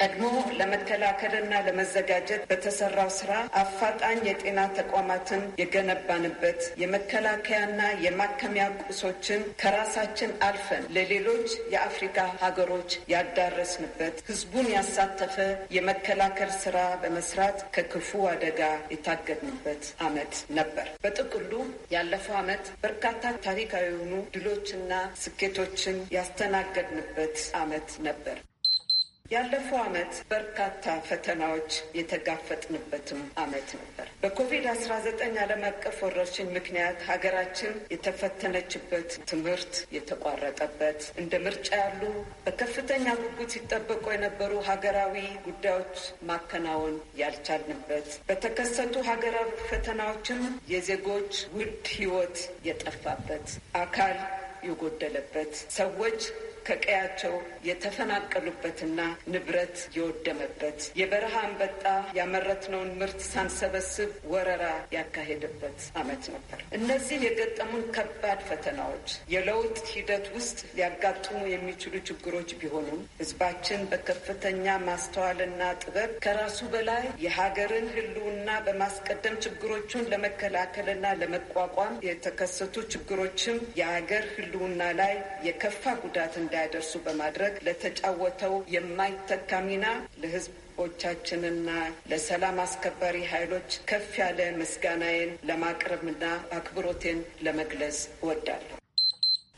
ቀድሞ ለመከላከልና ለመዘጋጀት በተሰራው ስራ አፋጣኝ የጤና ተቋማትን የገነባንበት የመከላከያና የማከሚያ ቁሶችን ከራሳችን አልፈን ለሌሎች የአፍሪካ ሀገሮች ያዳረስንበት ህዝቡን ያሳተፈ የመከላከል ስራ በመስራት ከክፉ አደጋ የታገድንበት አመት ነበር። በጥቅሉ ያለፈው አመት በርካታ ታሪካዊ የሆኑ ድሎችና ስኬቶችን ያስተናገድንበት አመት ነበር። ያለፈው አመት በርካታ ፈተናዎች የተጋፈጥንበትም አመት ነበር። በኮቪድ አስራ ዘጠኝ ዓለም አቀፍ ወረርሽኝ ምክንያት ሀገራችን የተፈተነችበት፣ ትምህርት የተቋረጠበት፣ እንደ ምርጫ ያሉ በከፍተኛ ጉጉት ሲጠበቁ የነበሩ ሀገራዊ ጉዳዮች ማከናወን ያልቻልንበት፣ በተከሰቱ ሀገራዊ ፈተናዎችም የዜጎች ውድ ህይወት የጠፋበት፣ አካል የጎደለበት፣ ሰዎች ከቀያቸው የተፈናቀሉበትና ንብረት የወደመበት የበረሃ አንበጣ ያመረትነውን ምርት ሳንሰበስብ ወረራ ያካሄደበት ዓመት ነበር። እነዚህ የገጠሙን ከባድ ፈተናዎች የለውጥ ሂደት ውስጥ ሊያጋጥሙ የሚችሉ ችግሮች ቢሆኑም ሕዝባችን በከፍተኛ ማስተዋልና ጥበብ ከራሱ በላይ የሀገርን ሕልውና በማስቀደም ችግሮቹን ለመከላከልና ለመቋቋም የተከሰቱ ችግሮችም የሀገር ሕልውና ላይ የከፋ ጉዳት እንዳያደርሱ በማድረግ ለተጫወተው የማይተካ ሚና ለህዝቦቻችንና ቦቻችንና ለሰላም አስከባሪ ኃይሎች ከፍ ያለ ምስጋናዬን ለማቅረብና አክብሮቴን ለመግለጽ እወዳለሁ።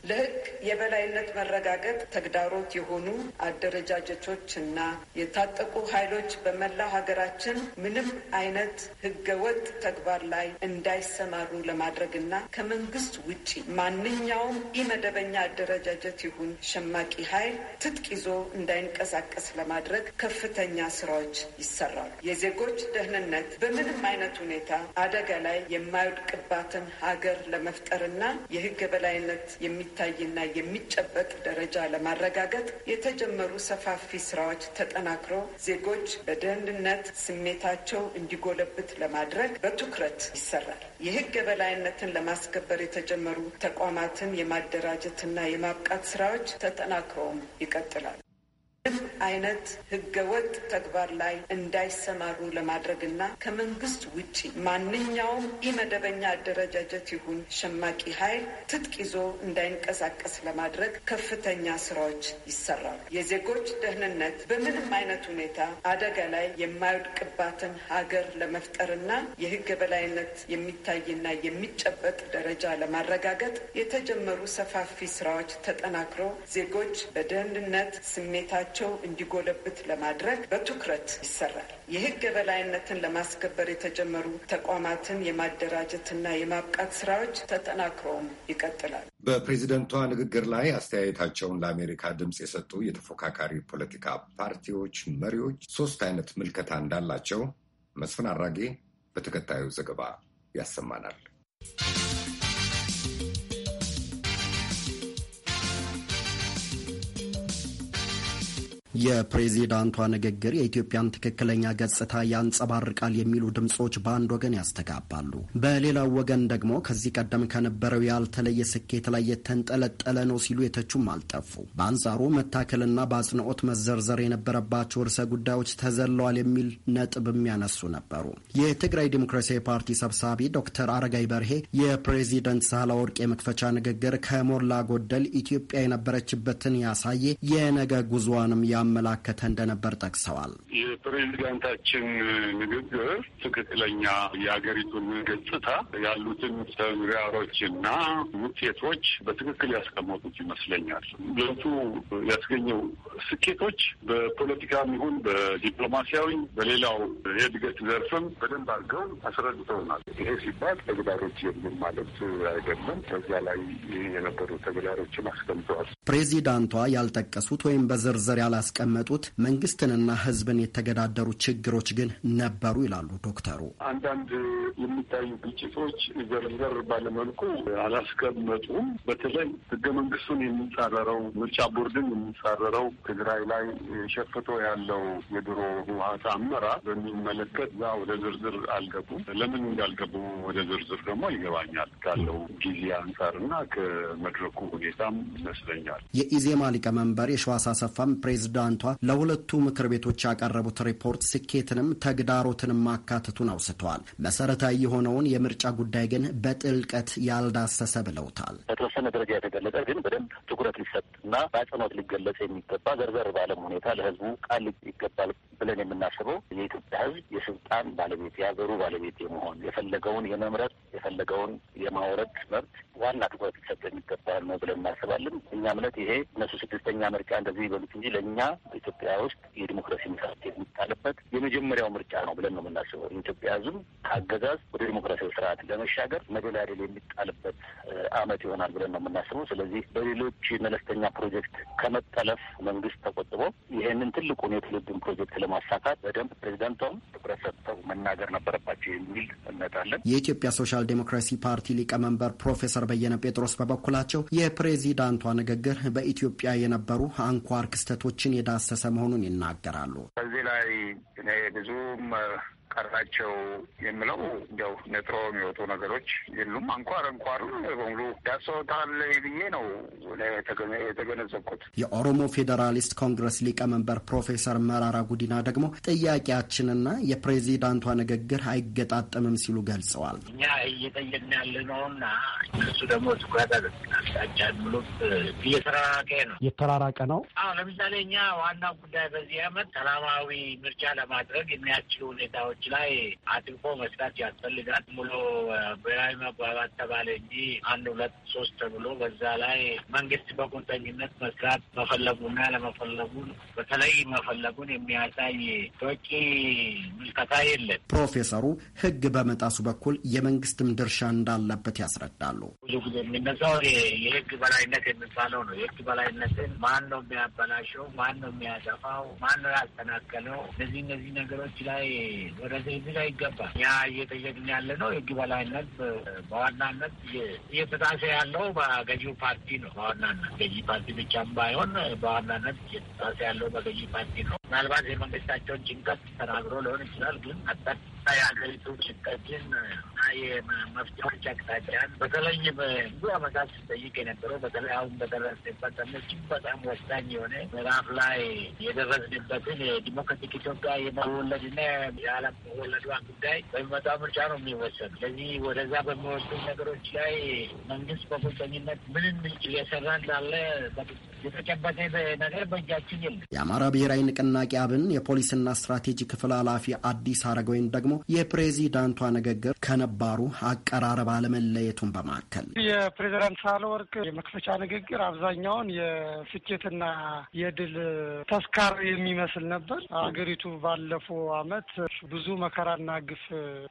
ለሕግ የበላይነት መረጋገጥ ተግዳሮት የሆኑ አደረጃጀቶች እና የታጠቁ ኃይሎች በመላ ሀገራችን ምንም አይነት ህገወጥ ተግባር ላይ እንዳይሰማሩ ለማድረግና ከመንግስት ውጪ ማንኛውም ኢመደበኛ አደረጃጀት ይሁን ሸማቂ ኃይል ትጥቅ ይዞ እንዳይንቀሳቀስ ለማድረግ ከፍተኛ ስራዎች ይሰራሉ። የዜጎች ደህንነት በምንም አይነት ሁኔታ አደጋ ላይ የማይወድቅባትን ሀገር ለመፍጠርና የህግ የበላይነት የሚ የሚታይና የሚጨበቅ ደረጃ ለማረጋገጥ የተጀመሩ ሰፋፊ ስራዎች ተጠናክሮ ዜጎች በደህንነት ስሜታቸው እንዲጎለብት ለማድረግ በትኩረት ይሰራል። የህግ የበላይነትን ለማስከበር የተጀመሩ ተቋማትን የማደራጀትና የማብቃት ስራዎች ተጠናክረውም ይቀጥላል። ይህ አይነት ህገወጥ ተግባር ላይ እንዳይሰማሩ ለማድረግና ከመንግስት ውጪ ማንኛውም ኢመደበኛ አደረጃጀት ይሁን ሸማቂ ኃይል ትጥቅ ይዞ እንዳይንቀሳቀስ ለማድረግ ከፍተኛ ስራዎች ይሰራሉ። የዜጎች ደህንነት በምንም አይነት ሁኔታ አደጋ ላይ የማይወድቅባትን ሀገር ለመፍጠርና የህግ በላይነት የሚታይና የሚጨበጥ ደረጃ ለማረጋገጥ የተጀመሩ ሰፋፊ ስራዎች ተጠናክሮ ዜጎች በደህንነት ስሜታቸው መብታቸው እንዲጎለብት ለማድረግ በትኩረት ይሰራል። የህግ የበላይነትን ለማስከበር የተጀመሩ ተቋማትን የማደራጀትና የማብቃት ስራዎች ተጠናክረውም ይቀጥላል። በፕሬዚደንቷ ንግግር ላይ አስተያየታቸውን ለአሜሪካ ድምፅ የሰጡ የተፎካካሪ ፖለቲካ ፓርቲዎች መሪዎች ሶስት አይነት ምልከታ እንዳላቸው መስፍን አራጌ በተከታዩ ዘገባ ያሰማናል። የፕሬዚዳንቷ ንግግር የኢትዮጵያን ትክክለኛ ገጽታ ያንጸባርቃል የሚሉ ድምጾች በአንድ ወገን ያስተጋባሉ። በሌላው ወገን ደግሞ ከዚህ ቀደም ከነበረው ያልተለየ ስኬት ላይ የተንጠለጠለ ነው ሲሉ የተቹም አልጠፉ። በአንጻሩ መታከልና በአጽንኦት መዘርዘር የነበረባቸው ርዕሰ ጉዳዮች ተዘለዋል የሚል ነጥብም ያነሱ ነበሩ። የትግራይ ዲሞክራሲያዊ ፓርቲ ሰብሳቢ ዶክተር አረጋይ በርሄ የፕሬዚደንት ሳህለወርቅ የመክፈቻ ንግግር ከሞላ ጎደል ኢትዮጵያ የነበረችበትን ያሳየ የነገ ጉዞዋንም ያ ያመላከተ እንደነበር ጠቅሰዋል። የፕሬዚዳንታችን ንግግር ትክክለኛ የሀገሪቱን ገጽታ ያሉትን ተግዳሮችና ውጤቶች በትክክል ያስቀመጡት ይመስለኛል። ለቱ ያስገኘው ስኬቶች በፖለቲካም ይሁን በዲፕሎማሲያዊ በሌላው የእድገት ዘርፍም በደንብ አድርገው አስረድተውናል። ይሄ ሲባል ተግዳሮች የሉም ማለት አይደለም። በዛ ላይ የነበሩ ተግዳሮችን አስቀምጠዋል። ፕሬዚዳንቷ ያልጠቀሱት ወይም በዝርዝር ያላስ ያስቀመጡት መንግስትንና ህዝብን የተገዳደሩ ችግሮች ግን ነበሩ ይላሉ ዶክተሩ። አንዳንድ የሚታዩ ግጭቶች ዘርዘር ባለመልኩ አላስቀመጡም። በተለይ ህገ መንግስቱን የሚጻረረው ምርጫ ቦርድን የሚጻረረው ትግራይ ላይ ሸፍቶ ያለው የድሮ ህወሀት አመራር በሚመለከት ዛ ወደ ዝርዝር አልገቡም። ለምን እንዳልገቡ ወደ ዝርዝር ደግሞ ይገባኛል ካለው ጊዜ አንጻርና ከመድረኩ ሁኔታም ይመስለኛል። የኢዜማ ሊቀመንበር የሸዋስ አሰፋም ፕሬዚዳንት ፕሬዝዳንቷ ለሁለቱ ምክር ቤቶች ያቀረቡት ሪፖርት ስኬትንም ተግዳሮትንም ማካተቱን አውስተዋል። መሰረታዊ የሆነውን የምርጫ ጉዳይ ግን በጥልቀት ያልዳሰሰ ብለውታል። በተወሰነ ደረጃ የተገለጸ ግን በደንብ ትኩረት ሊሰጥ እና በአጽንኦት ሊገለጽ የሚገባ ዘርዘር ባለም ሁኔታ ለህዝቡ ቃል ይገባል ብለን የምናስበው የኢትዮጵያ ህዝብ የስልጣን ባለቤት የሀገሩ ባለቤት የመሆን የፈለገውን የመምረጥ የፈለገውን የማውረድ መብት ዋና ትኩረት ሊሰጥ የሚገባል ነው ብለን እናስባለን። እኛ እምነት ይሄ እነሱ ስድስተኛ ምርጫ እንደዚህ ይበሉት እንጂ ለእኛ በኢትዮጵያ ውስጥ የዲሞክራሲ መሰረት የሚጣልበት የመጀመሪያው ምርጫ ነው ብለን ነው የምናስበው። የኢትዮጵያ ሕዝብ ከአገዛዝ ወደ ዲሞክራሲያዊ ስርዓት ለመሻገር መደላደል የሚጣልበት አመት ይሆናል ብለን ነው የምናስበው። ስለዚህ በሌሎች መለስተኛ ፕሮጀክት ከመጠለፍ መንግስት ተቆጥቦ ይህንን ትልቁን የትውልዱን ፕሮጀክት ለማሳካት በደንብ ፕሬዚዳንቷም ትኩረት ሰጥተው መናገር ነበረባቸው የሚል እምነት አለን። የኢትዮጵያ ሶሻል ዴሞክራሲ ፓርቲ ሊቀመንበር ፕሮፌሰር በየነ ጴጥሮስ በበኩላቸው የፕሬዚዳንቷ ንግግር በኢትዮጵያ የነበሩ አንኳር ክስተቶችን የዳሰሰ መሆኑን ይናገራሉ። ከዚህ ላይ እኔ ብዙም ቀራቸው የምለው እንዲያው ነጥሮ የሚወጡ ነገሮች የሉም። አንኳር አንኳር በሙሉ ያሰወታል ብዬ ነው የተገነዘብኩት። የኦሮሞ ፌዴራሊስት ኮንግረስ ሊቀመንበር ፕሮፌሰር መራራ ጉዲና ደግሞ ጥያቄያችንና የፕሬዚዳንቷ ንግግር አይገጣጠምም ሲሉ ገልጸዋል። እኛ እየጠየቅን ያለ ነውና እሱ ደግሞ ትኩረት አቅጣጫ ብሎት እየተራራቀ ነው እየተራራቀ ነው። አዎ ለምሳሌ እኛ ዋናው ጉዳይ በዚህ አመት ሰላማዊ ምርጫ ለማድረግ የሚያስችሉ ሁኔታዎች ላይ አጥብቆ መስራት ያስፈልጋል። ሙሉ ብሔራዊ መግባባት ተባለ እንጂ አንድ ሁለት ሶስት ተብሎ በዛ ላይ መንግስት በቁርጠኝነት መስራት መፈለጉና ለመፈለጉን በተለይ መፈለጉን የሚያሳይ በቂ ምልከታ የለን። ፕሮፌሰሩ ህግ በመጣሱ በኩል የመንግስትም ድርሻ እንዳለበት ያስረዳሉ። ብዙ ጊዜ የሚነሳው የህግ በላይነት የሚባለው ነው። የህግ በላይነትን ማን ነው የሚያበላሸው? ማን ነው የሚያጠፋው? ማን ነው ያስተናከለው? እነዚህ እነዚህ ነገሮች ላይ ወደ ከዚህ ጋ ይገባል። ያ እየጠየቅን ያለ ነው። የህግ በላይነት በዋናነት እየተጣሰ ያለው በገዢው ፓርቲ ነው። በዋናነት ገዢ ፓርቲ ብቻም ባይሆን በዋናነት እየተጣሰ ያለው በገዢ ፓርቲ ነው። ምናልባት የመንግስታቸውን ጭንቀት ተናግሮ ሊሆን ይችላል ግን አጠር ሀገሪቱ ችግሮችን እና የመፍትሄዎች አቅጣጫን በተለይ በብዙ አመታት ስጠይቅ የነበረው በተለይ አሁን በደረስንበት እጅግ በጣም ወሳኝ የሆነ ምዕራፍ ላይ የደረስንበትን የዲሞክራቲክ ኢትዮጵያ የመወለድና የዓለም መወለዷ ጉዳይ በሚመጣው ምርጫ ነው የሚወሰኑ። ስለዚህ ወደዛ በሚወስዱ ነገሮች ላይ መንግስት በቁርጠኝነት ምንም እየሰራ እንዳለ በግልጽ የተጨበጠ ነገር በእጃችን የለም። የአማራ ብሔራዊ ንቅናቄ አብን የፖሊስና ስትራቴጂ ክፍል ኃላፊ አዲስ አረጋዊን ደግሞ የፕሬዚዳንቷ ንግግር ከነባሩ አቀራረብ አለመለየቱን በማከል የፕሬዚዳንት ሳህለወርቅ የመክፈቻ ንግግር አብዛኛውን የስኬትና የድል ተስካር የሚመስል ነበር። አገሪቱ ባለፈው አመት ብዙ መከራና ግፍ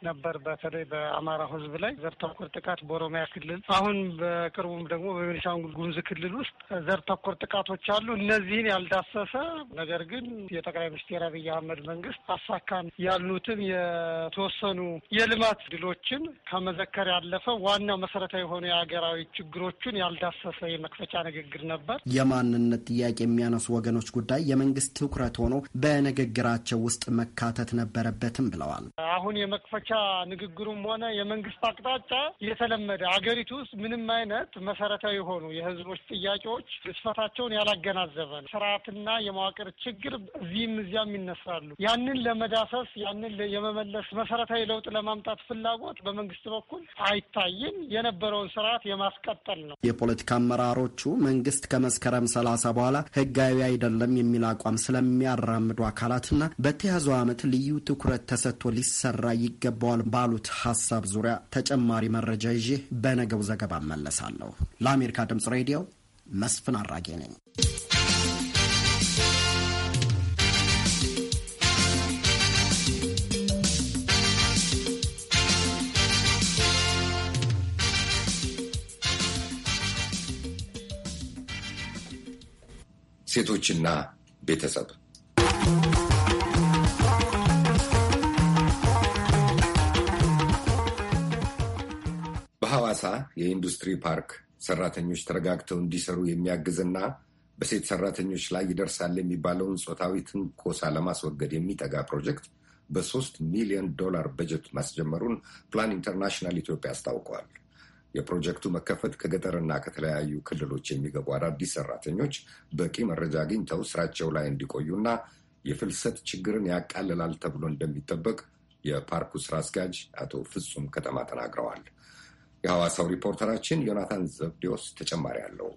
ነበር፣ በተለይ በአማራ ህዝብ ላይ ዘር ተኮር ጥቃት በኦሮሚያ ክልል፣ አሁን በቅርቡም ደግሞ በቤኒሻንጉል ጉሙዝ ክልል ውስጥ ዘር ተኮር ጥቃቶች አሉ። እነዚህን ያልዳሰሰ ነገር ግን የጠቅላይ ሚኒስትር አብይ አህመድ መንግስት አሳካን ያሉትን የተወሰኑ የልማት ድሎችን ከመዘከር ያለፈ ዋና መሰረታዊ የሆኑ የሀገራዊ ችግሮቹን ያልዳሰሰ የመክፈቻ ንግግር ነበር። የማንነት ጥያቄ የሚያነሱ ወገኖች ጉዳይ የመንግስት ትኩረት ሆኖ በንግግራቸው ውስጥ መካተት ነበረበትም ብለዋል። አሁን የመክፈቻ ንግግሩም ሆነ የመንግስት አቅጣጫ የተለመደ አገሪቱ ውስጥ ምንም አይነት መሰረታዊ የሆኑ የህዝቦች ጥያቄዎች ስፈታ ራሳቸውን ያላገናዘበ ነው። ስርዓትና የመዋቅር ችግር እዚህም እዚያም ይነሳሉ። ያንን ለመዳሰስ ያንን የመመለስ መሰረታዊ ለውጥ ለማምጣት ፍላጎት በመንግስት በኩል አይታይም። የነበረውን ስርዓት የማስቀጠል ነው። የፖለቲካ አመራሮቹ መንግስት ከመስከረም ሰላሳ በኋላ ህጋዊ አይደለም የሚል አቋም ስለሚያራምዱ አካላትና በተያዘው ዓመት ልዩ ትኩረት ተሰጥቶ ሊሰራ ይገባዋል ባሉት ሀሳብ ዙሪያ ተጨማሪ መረጃ ይዤ በነገው ዘገባ መለሳለሁ። ለአሜሪካ ድምጽ ሬዲዮ መስፍን አራጌ ነኝ። ሴቶችና ቤተሰብ በሐዋሳ የኢንዱስትሪ ፓርክ ሰራተኞች ተረጋግተው እንዲሰሩ የሚያግዝና በሴት ሰራተኞች ላይ ይደርሳል የሚባለውን ጾታዊ ትንኮሳ ለማስወገድ የሚተጋ ፕሮጀክት በሶስት ሚሊዮን ዶላር በጀት ማስጀመሩን ፕላን ኢንተርናሽናል ኢትዮጵያ አስታውቀዋል። የፕሮጀክቱ መከፈት ከገጠርና ከተለያዩ ክልሎች የሚገቡ አዳዲስ ሰራተኞች በቂ መረጃ አግኝተው ስራቸው ላይ እንዲቆዩና የፍልሰት ችግርን ያቃልላል ተብሎ እንደሚጠበቅ የፓርኩ ስራ አስኪያጅ አቶ ፍጹም ከተማ ተናግረዋል። የሐዋሳው ሪፖርተራችን ዮናታን ዘብዲዎስ ተጨማሪ አለው።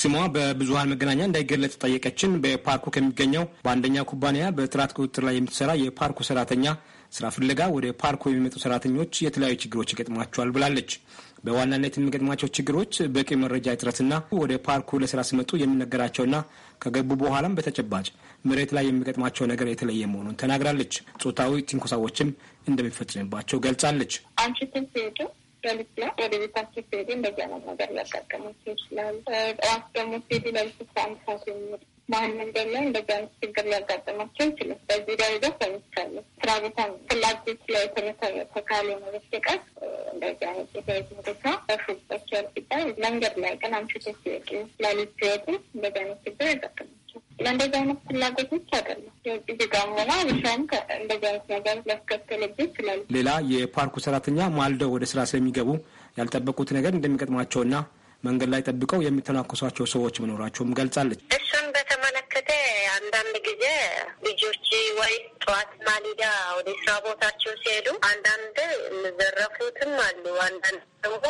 ስሟ በብዙሀን መገናኛ እንዳይገለጽ ጠየቀችን። በፓርኩ ከሚገኘው በአንደኛ ኩባንያ በጥራት ቁጥጥር ላይ የምትሰራ የፓርኩ ሰራተኛ ስራ ፍለጋ ወደ ፓርኩ የሚመጡ ሰራተኞች የተለያዩ ችግሮች ይገጥሟቸዋል ብላለች። በዋናነት የሚገጥሟቸው ችግሮች በቂ መረጃ እጥረትና ወደ ፓርኩ ለስራ ሲመጡ የሚነገራቸውና ከገቡ በኋላም በተጨባጭ መሬት ላይ የሚገጥማቸው ነገር የተለየ መሆኑን ተናግራለች። ጾታዊ ትንኮሳዎችም እንደሚፈጽምባቸው ገልጻለች። አንቺ ሊወስዳል ይችላል። ወደ ቤታችን ሲሄድ እንደዚያ ነው ነገር ሊያጋጥሙት ይችላል። ጠዋት ደግሞ ሲሄድ ለሊቱ አስራ አንድ ሰዓት መንገድ ላይ እንደዚያ አይነት ችግር ሊያጋጥማቸው ይችላል። በዚህ ደረጃ ሰምቻለሁ። ስራ ቦታ ፍላጎት ላይ የተመሰረተ ካልሆነ በስተቀር እንደዚህ አይነት የተያዙ ቦታ ፉጣቸው ያልፊጣ መንገድ ላይ ቀን አምሽቶ ሲወጡ ለሊት ሲወጡ እንደዚህ አይነት ችግር ያጋጥማል። ለእንደዚህ አይነት ፍላጎቶች አይደለም የውጭ ዜጋሙና ብሻም እንደዚህ አይነት ነገር ሊያስከትልብኝ ይችላል። ሌላ የፓርኩ ሰራተኛ ማልደው ወደ ስራ ስለሚገቡ ያልጠበቁት ነገር እንደሚገጥማቸውና መንገድ ላይ ጠብቀው የሚተናኮሷቸው ሰዎች መኖራቸውም ገልጻለች። እሱን በተመለከተ አንዳንድ ጊዜ ልጆች ወይ ጠዋት ማሊዳ ወደ ስራ ቦታቸው ሲሄዱ አንዳንድ የሚዘረፉትም አሉ። አንዳንድ ደግሞ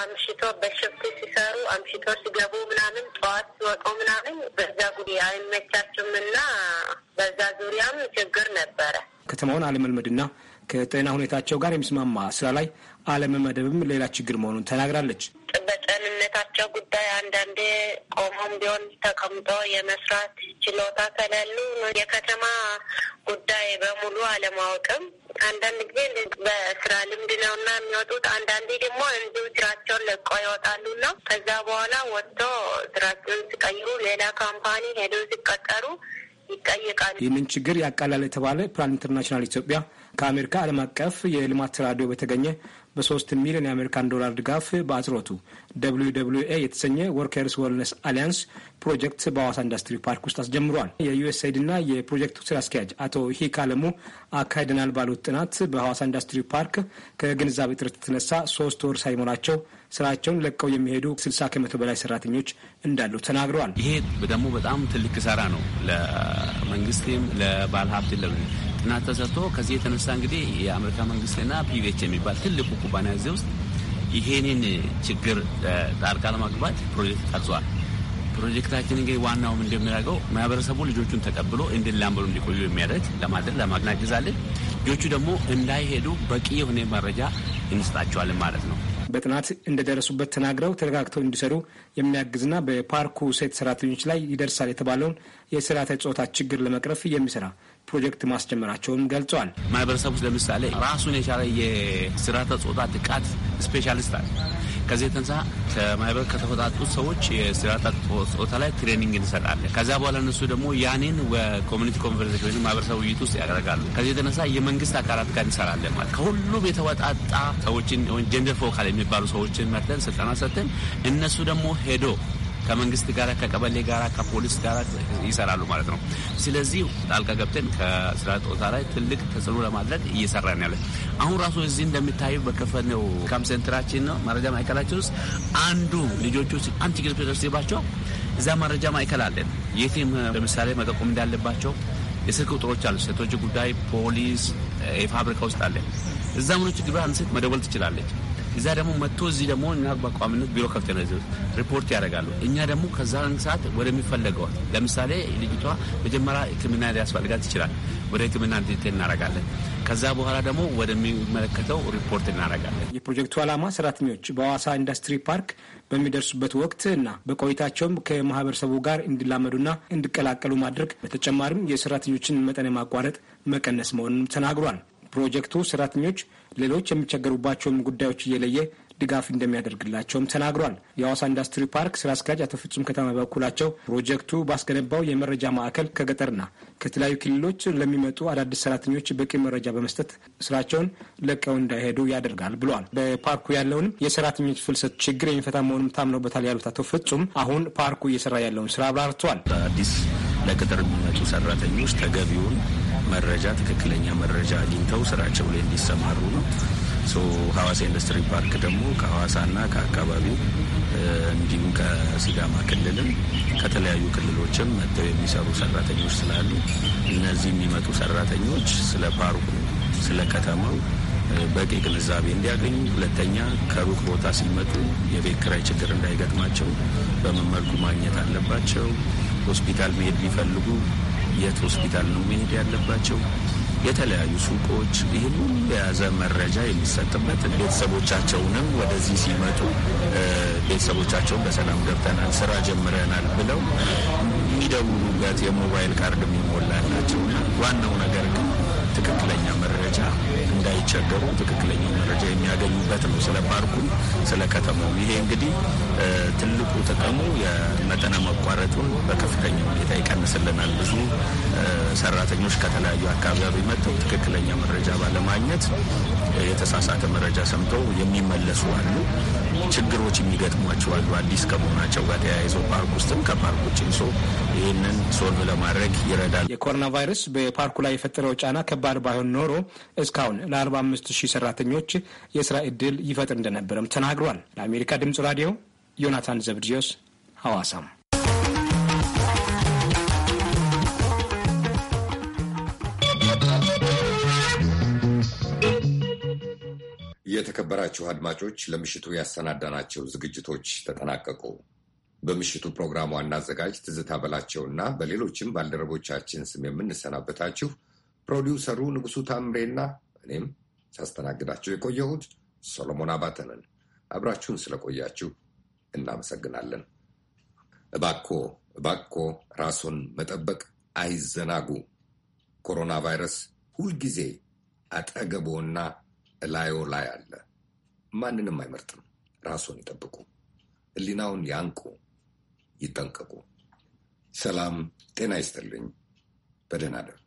አምሽቶ በሽፍት ሲሰሩ አምሽቶ ሲገቡ ምናምን የሚሰማውን አለመልመድና ከጤና ሁኔታቸው ጋር የሚስማማ ስራ ላይ አለመመደብም ሌላ ችግር መሆኑን ተናግራለች። በጠንነታቸው ጉዳይ አንዳንዴ ቆሞም ቢሆን ተቀምጦ የመስራት ችሎታ ከሌሉ የከተማ ጉዳይ በሙሉ አለማወቅም አንዳንድ ጊዜ በስራ ልምድ ነው እና የሚወጡት። አንዳንዴ ደግሞ እንዲሁ ስራቸውን ለቆ ይወጣሉ ነው። ከዛ በኋላ ወጥቶ ስራቸውን ሲቀይሩ ሌላ ካምፓኒ ሄደው ሲቀጠሩ ይጠየቃል። ይህንን ችግር ያቃላል የተባለ ፕላን ኢንተርናሽናል ኢትዮጵያ ከአሜሪካ ዓለም አቀፍ የልማት ራዲዮ በተገኘ በሶስት ሚሊዮን የአሜሪካን ዶላር ድጋፍ በአጽሮቱ ደብሊዩ ደብሊዩ ኤ የተሰኘ ወርከርስ ወልነስ አሊያንስ ፕሮጀክት በአዋሳ ኢንዱስትሪ ፓርክ ውስጥ አስጀምሯል። የዩኤስአይድና የፕሮጀክቱ ስራ አስኪያጅ አቶ ሂክ አለሙ አካሂደናል ባሉት ጥናት በሐዋሳ ኢንዱስትሪ ፓርክ ከግንዛቤ እጥረት የተነሳ ሶስት ወር ሳይሞላቸው ስራቸውን ለቀው የሚሄዱ 60 ከመቶ በላይ ሰራተኞች እንዳሉ ተናግረዋል። ይሄ ደግሞ በጣም ትልቅ ኪሳራ ነው ለመንግስትም ለባለሀብት ለ ጥናት ተሰርቶ ከዚህ የተነሳ እንግዲህ የአሜሪካ መንግስትና ፒቪች የሚባል ትልቁ ኩባንያ እዚህ ውስጥ ይሄንን ችግር ጣልቃ ለማግባት ፕሮጀክት ቀርጿል። ፕሮጀክታችን እንግዲህ ዋናውም እንደሚያደርገው ማህበረሰቡ ልጆቹን ተቀብሎ እንድላንበሉ እንዲቆዩ የሚያደርግ ለማድረግ ለማግናግዛለን ልጆቹ ደግሞ እንዳይሄዱ በቂ የሆነ መረጃ እንስጣቸዋለን ማለት ነው። በጥናት እንደደረሱበት ተናግረው ተረጋግተው እንዲሰሩ የሚያግዝና በፓርኩ ሴት ሰራተኞች ላይ ይደርሳል የተባለውን የስርዓተ ጾታ ችግር ለመቅረፍ የሚሰራ ፕሮጀክት ማስጀመራቸውን ገልጸዋል። ማህበረሰብ ውስጥ ለምሳሌ ራሱን የቻለ የስርዓተ ጾታ ጥቃት ስፔሻሊስት አለ። ከዚህ የተነሳ ከማህበር ከተፈጣጡት ሰዎች የስርዓተ ጾታ ላይ ትሬኒንግ እንሰጣለን። ከዚያ በኋላ እነሱ ደግሞ ያኔን ኮሚኒቲ ኮንቨርሴሽን ወይም ማህበረሰብ ውይይት ውስጥ ያደርጋሉ። ከዚህ የተነሳ የመንግስት አካላት ጋር እንሰራለን። ማለት ከሁሉም የተወጣጣ ሰዎችን ጀንደር ፎካል የሚባሉ ሰዎችን መርተን ስልጠና ሰጥተን እነሱ ደግሞ ሄዶ ከመንግስት ጋር፣ ከቀበሌ ጋር፣ ከፖሊስ ጋር ይሰራሉ ማለት ነው። ስለዚህ ጣልቃ ገብተን ከስራ ጦታ ላይ ትልቅ ተጽዕኖ ለማድረግ እየሰራን ያለ አሁን ራሱ እዚህ እንደሚታዩ በከፈነው ካም ሴንትራችን ነው መረጃ ማዕከላችን ውስጥ አንዱ ልጆቹ አንድ ችግር ሲደርስባቸው እዛ መረጃ ማዕከል አለን። የቲም ለምሳሌ መጠቆም እንዳለባቸው የስልክ ቁጥሮች አሉ። ሴቶች ጉዳይ፣ ፖሊስ፣ የፋብሪካ ውስጥ አለን። እዛ ምኖች ግብር አንስት መደወል ትችላለች። እዛ ደግሞ መጥቶ እዚህ ደግሞ እና በቋሚነት ቢሮ ከፍተ ሪፖርት ያደርጋሉ። እኛ ደግሞ ከዛን ሰዓት ወደሚፈለገዋል። ለምሳሌ ልጅቷ መጀመሪያ ሕክምና ሊያስፈልጋት ይችላል። ወደ ሕክምና እንድት እናረጋለን። ከዛ በኋላ ደግሞ ወደሚመለከተው ሪፖርት እናደርጋለን። የፕሮጀክቱ ዓላማ ሰራተኞች በሐዋሳ ኢንዱስትሪ ፓርክ በሚደርሱበት ወቅት እና በቆይታቸውም ከማህበረሰቡ ጋር እንዲላመዱና እንዲቀላቀሉ ማድረግ በተጨማሪም የሰራተኞችን መጠን ማቋረጥ መቀነስ መሆኑን ተናግሯል። ፕሮጀክቱ ሰራተኞች ሌሎች የሚቸገሩባቸውን ጉዳዮች እየለየ ድጋፍ እንደሚያደርግላቸውም ተናግሯል። የአዋሳ ኢንዱስትሪ ፓርክ ስራ አስኪያጅ አቶ ፍጹም ከተማ በበኩላቸው ፕሮጀክቱ ባስገነባው የመረጃ ማዕከል ከገጠርና ከተለያዩ ክልሎች ለሚመጡ አዳዲስ ሰራተኞች በቂ መረጃ በመስጠት ስራቸውን ለቀው እንዳይሄዱ ያደርጋል ብሏል። በፓርኩ ያለውንም የሰራተኞች ፍልሰት ችግር የሚፈታ መሆኑም ታምኖበታል ያሉት አቶ ፍጹም አሁን ፓርኩ እየሰራ ያለውን ስራ አብራርተዋል። ለቅጥር የሚመጡ ሰራተኞች ተገቢውን መረጃ ትክክለኛ መረጃ አግኝተው ስራቸው ላይ እንዲሰማሩ ነው። ሀዋሳ ኢንዱስትሪ ፓርክ ደግሞ ከሀዋሳና ከአካባቢው እንዲሁም ከሲዳማ ክልልም ከተለያዩ ክልሎችም መጥተው የሚሰሩ ሰራተኞች ስላሉ እነዚህ የሚመጡ ሰራተኞች ስለ ፓርኩ፣ ስለ ከተማው በቂ ግንዛቤ እንዲያገኙ፣ ሁለተኛ ከሩቅ ቦታ ሲመጡ የቤት ክራይ ችግር እንዳይገጥማቸው በምን መልኩ ማግኘት አለባቸው ሆስፒታል መሄድ ቢፈልጉ የት ሆስፒታል ነው መሄድ ያለባቸው፣ የተለያዩ ሱቆች፣ ይህን ሁሉ የያዘ መረጃ የሚሰጥበት ቤተሰቦቻቸውንም ወደዚህ ሲመጡ ቤተሰቦቻቸውን በሰላም ገብተናል፣ ስራ ጀምረናል ብለው የሚደውሉበት የሞባይል ካርድ የሚሞላላቸውና ዋናው ነገር ግን ትክክለኛ መረጃ እንዳይቸገሩ ትክክለኛው መረጃ የሚያገኙበት ነው። ስለ ፓርኩ፣ ስለ ከተማው። ይሄ እንግዲህ ትልቁ ጥቅሙ የመጠነ መቋረጡን በከፍተኛ ሁኔታ ይቀንስልናል። ብዙ ሰራተኞች ከተለያዩ አካባቢ መጥተው ትክክለኛ መረጃ ባለማግኘት የተሳሳተ መረጃ ሰምተው የሚመለሱ አሉ። ችግሮች የሚገጥሟቸው አሉ። አዲስ ከመሆናቸው ጋር ተያይዞ ፓርክ ውስጥም ከፓርክ ውጭም ሰው ይህንን ሶልቭ ለማድረግ ይረዳል። የኮሮና ቫይረስ በፓርኩ ላይ የፈጠረው ጫና ከባድ ባይሆን ኖሮ እስካሁን ለ45 ሺህ ሰራተኞች የስራ እድል ይፈጥር እንደነበረም ተናግሯል። ለአሜሪካ ድምጽ ራዲዮ ዮናታን ዘብድዮስ ሐዋሳም የተከበራችሁ አድማጮች ለምሽቱ ያሰናዳናቸው ዝግጅቶች ተጠናቀቁ። በምሽቱ ፕሮግራሙ ዋና አዘጋጅ ትዝታ በላቸውና በሌሎችም ባልደረቦቻችን ስም የምንሰናበታችሁ ፕሮዲውሰሩ ንጉሱ ታምሬና እኔም ሳስተናግዳቸው የቆየሁት ሶሎሞን አባተ ነን። አብራችሁን ስለቆያችሁ እናመሰግናለን። እባኮ እባኮ ራሱን መጠበቅ አይዘናጉ። ኮሮና ቫይረስ ሁልጊዜ አጠገቦና እላዮ ላይ አለ። ማንንም አይመርጥም። ራሱን ይጠብቁ፣ ህሊናውን ያንቁ፣ ይጠንቀቁ። ሰላም ጤና ይስጥልኝ። በደህና ደር